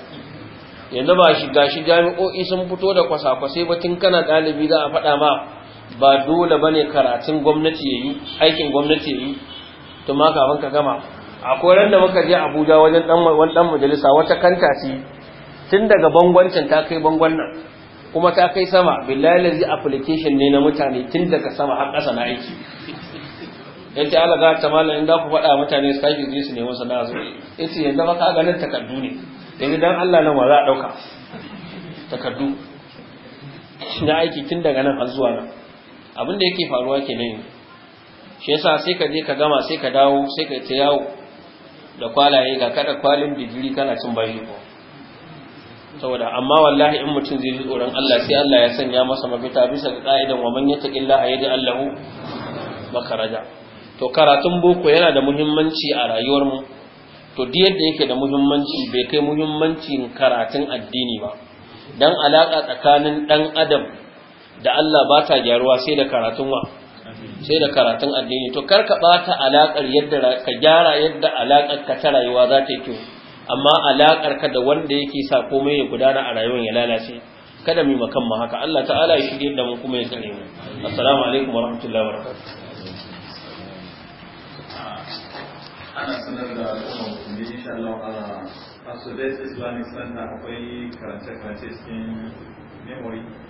yanzu ba shi gashi jami'o'i sun fito da kwasa-kwasai ba tun kana ɗalibi za a faɗa ma ba dole bane karatun gwamnati yayi aikin gwamnati yayi to ma kafin ka gama akwai ran da muka je Abuja wajen ɗan majalisa wata kanta ce tun daga bangoncin ta kai bangon nan kuma ta kai sama billahi lazi application ne na mutane tun daga sama har ƙasa na aiki ya ta alaga ta malam inda ku faɗa mutane su tashi zai su nemi sana'a su ya ce yanzu ba ka ganin takardu ne yanzu dan Allah nan wa za a ɗauka takardu na aiki tun daga nan har zuwa nan abin da yake faruwa kenan shi yasa sai ka je ka gama sai ka dawo sai ka ta yawo da kwalaye ga kada kwalin digiri kana cin bayi ko saboda amma wallahi in mutum zai ji tsoron Allah sai Allah ya sanya masa mafita bisa ga ka'idan wa man a yaj'al Allah makaraja to karatun boko yana da muhimmanci a rayuwar mu to duk yadda yake da muhimmanci bai kai muhimmancin karatun addini ba dan alaka tsakanin dan adam da Allah ba ta gyaruwa sai da karatun wa sai da karatun addini to karka bata alakar yadda ka gyara yadda alakar ka ta rayuwa za ta yi amma alakar ka da wanda yake sa komai ya gudana a rayuwar ya lalace kada mu makan mu haka Allah ta'ala ya shirye da mu kuma ya tsare mu assalamu alaikum warahmatullahi wabarakatuh ana sanar da al'umma musulmi insha Allah a da Islamic Center akwai karance-karance cikin memory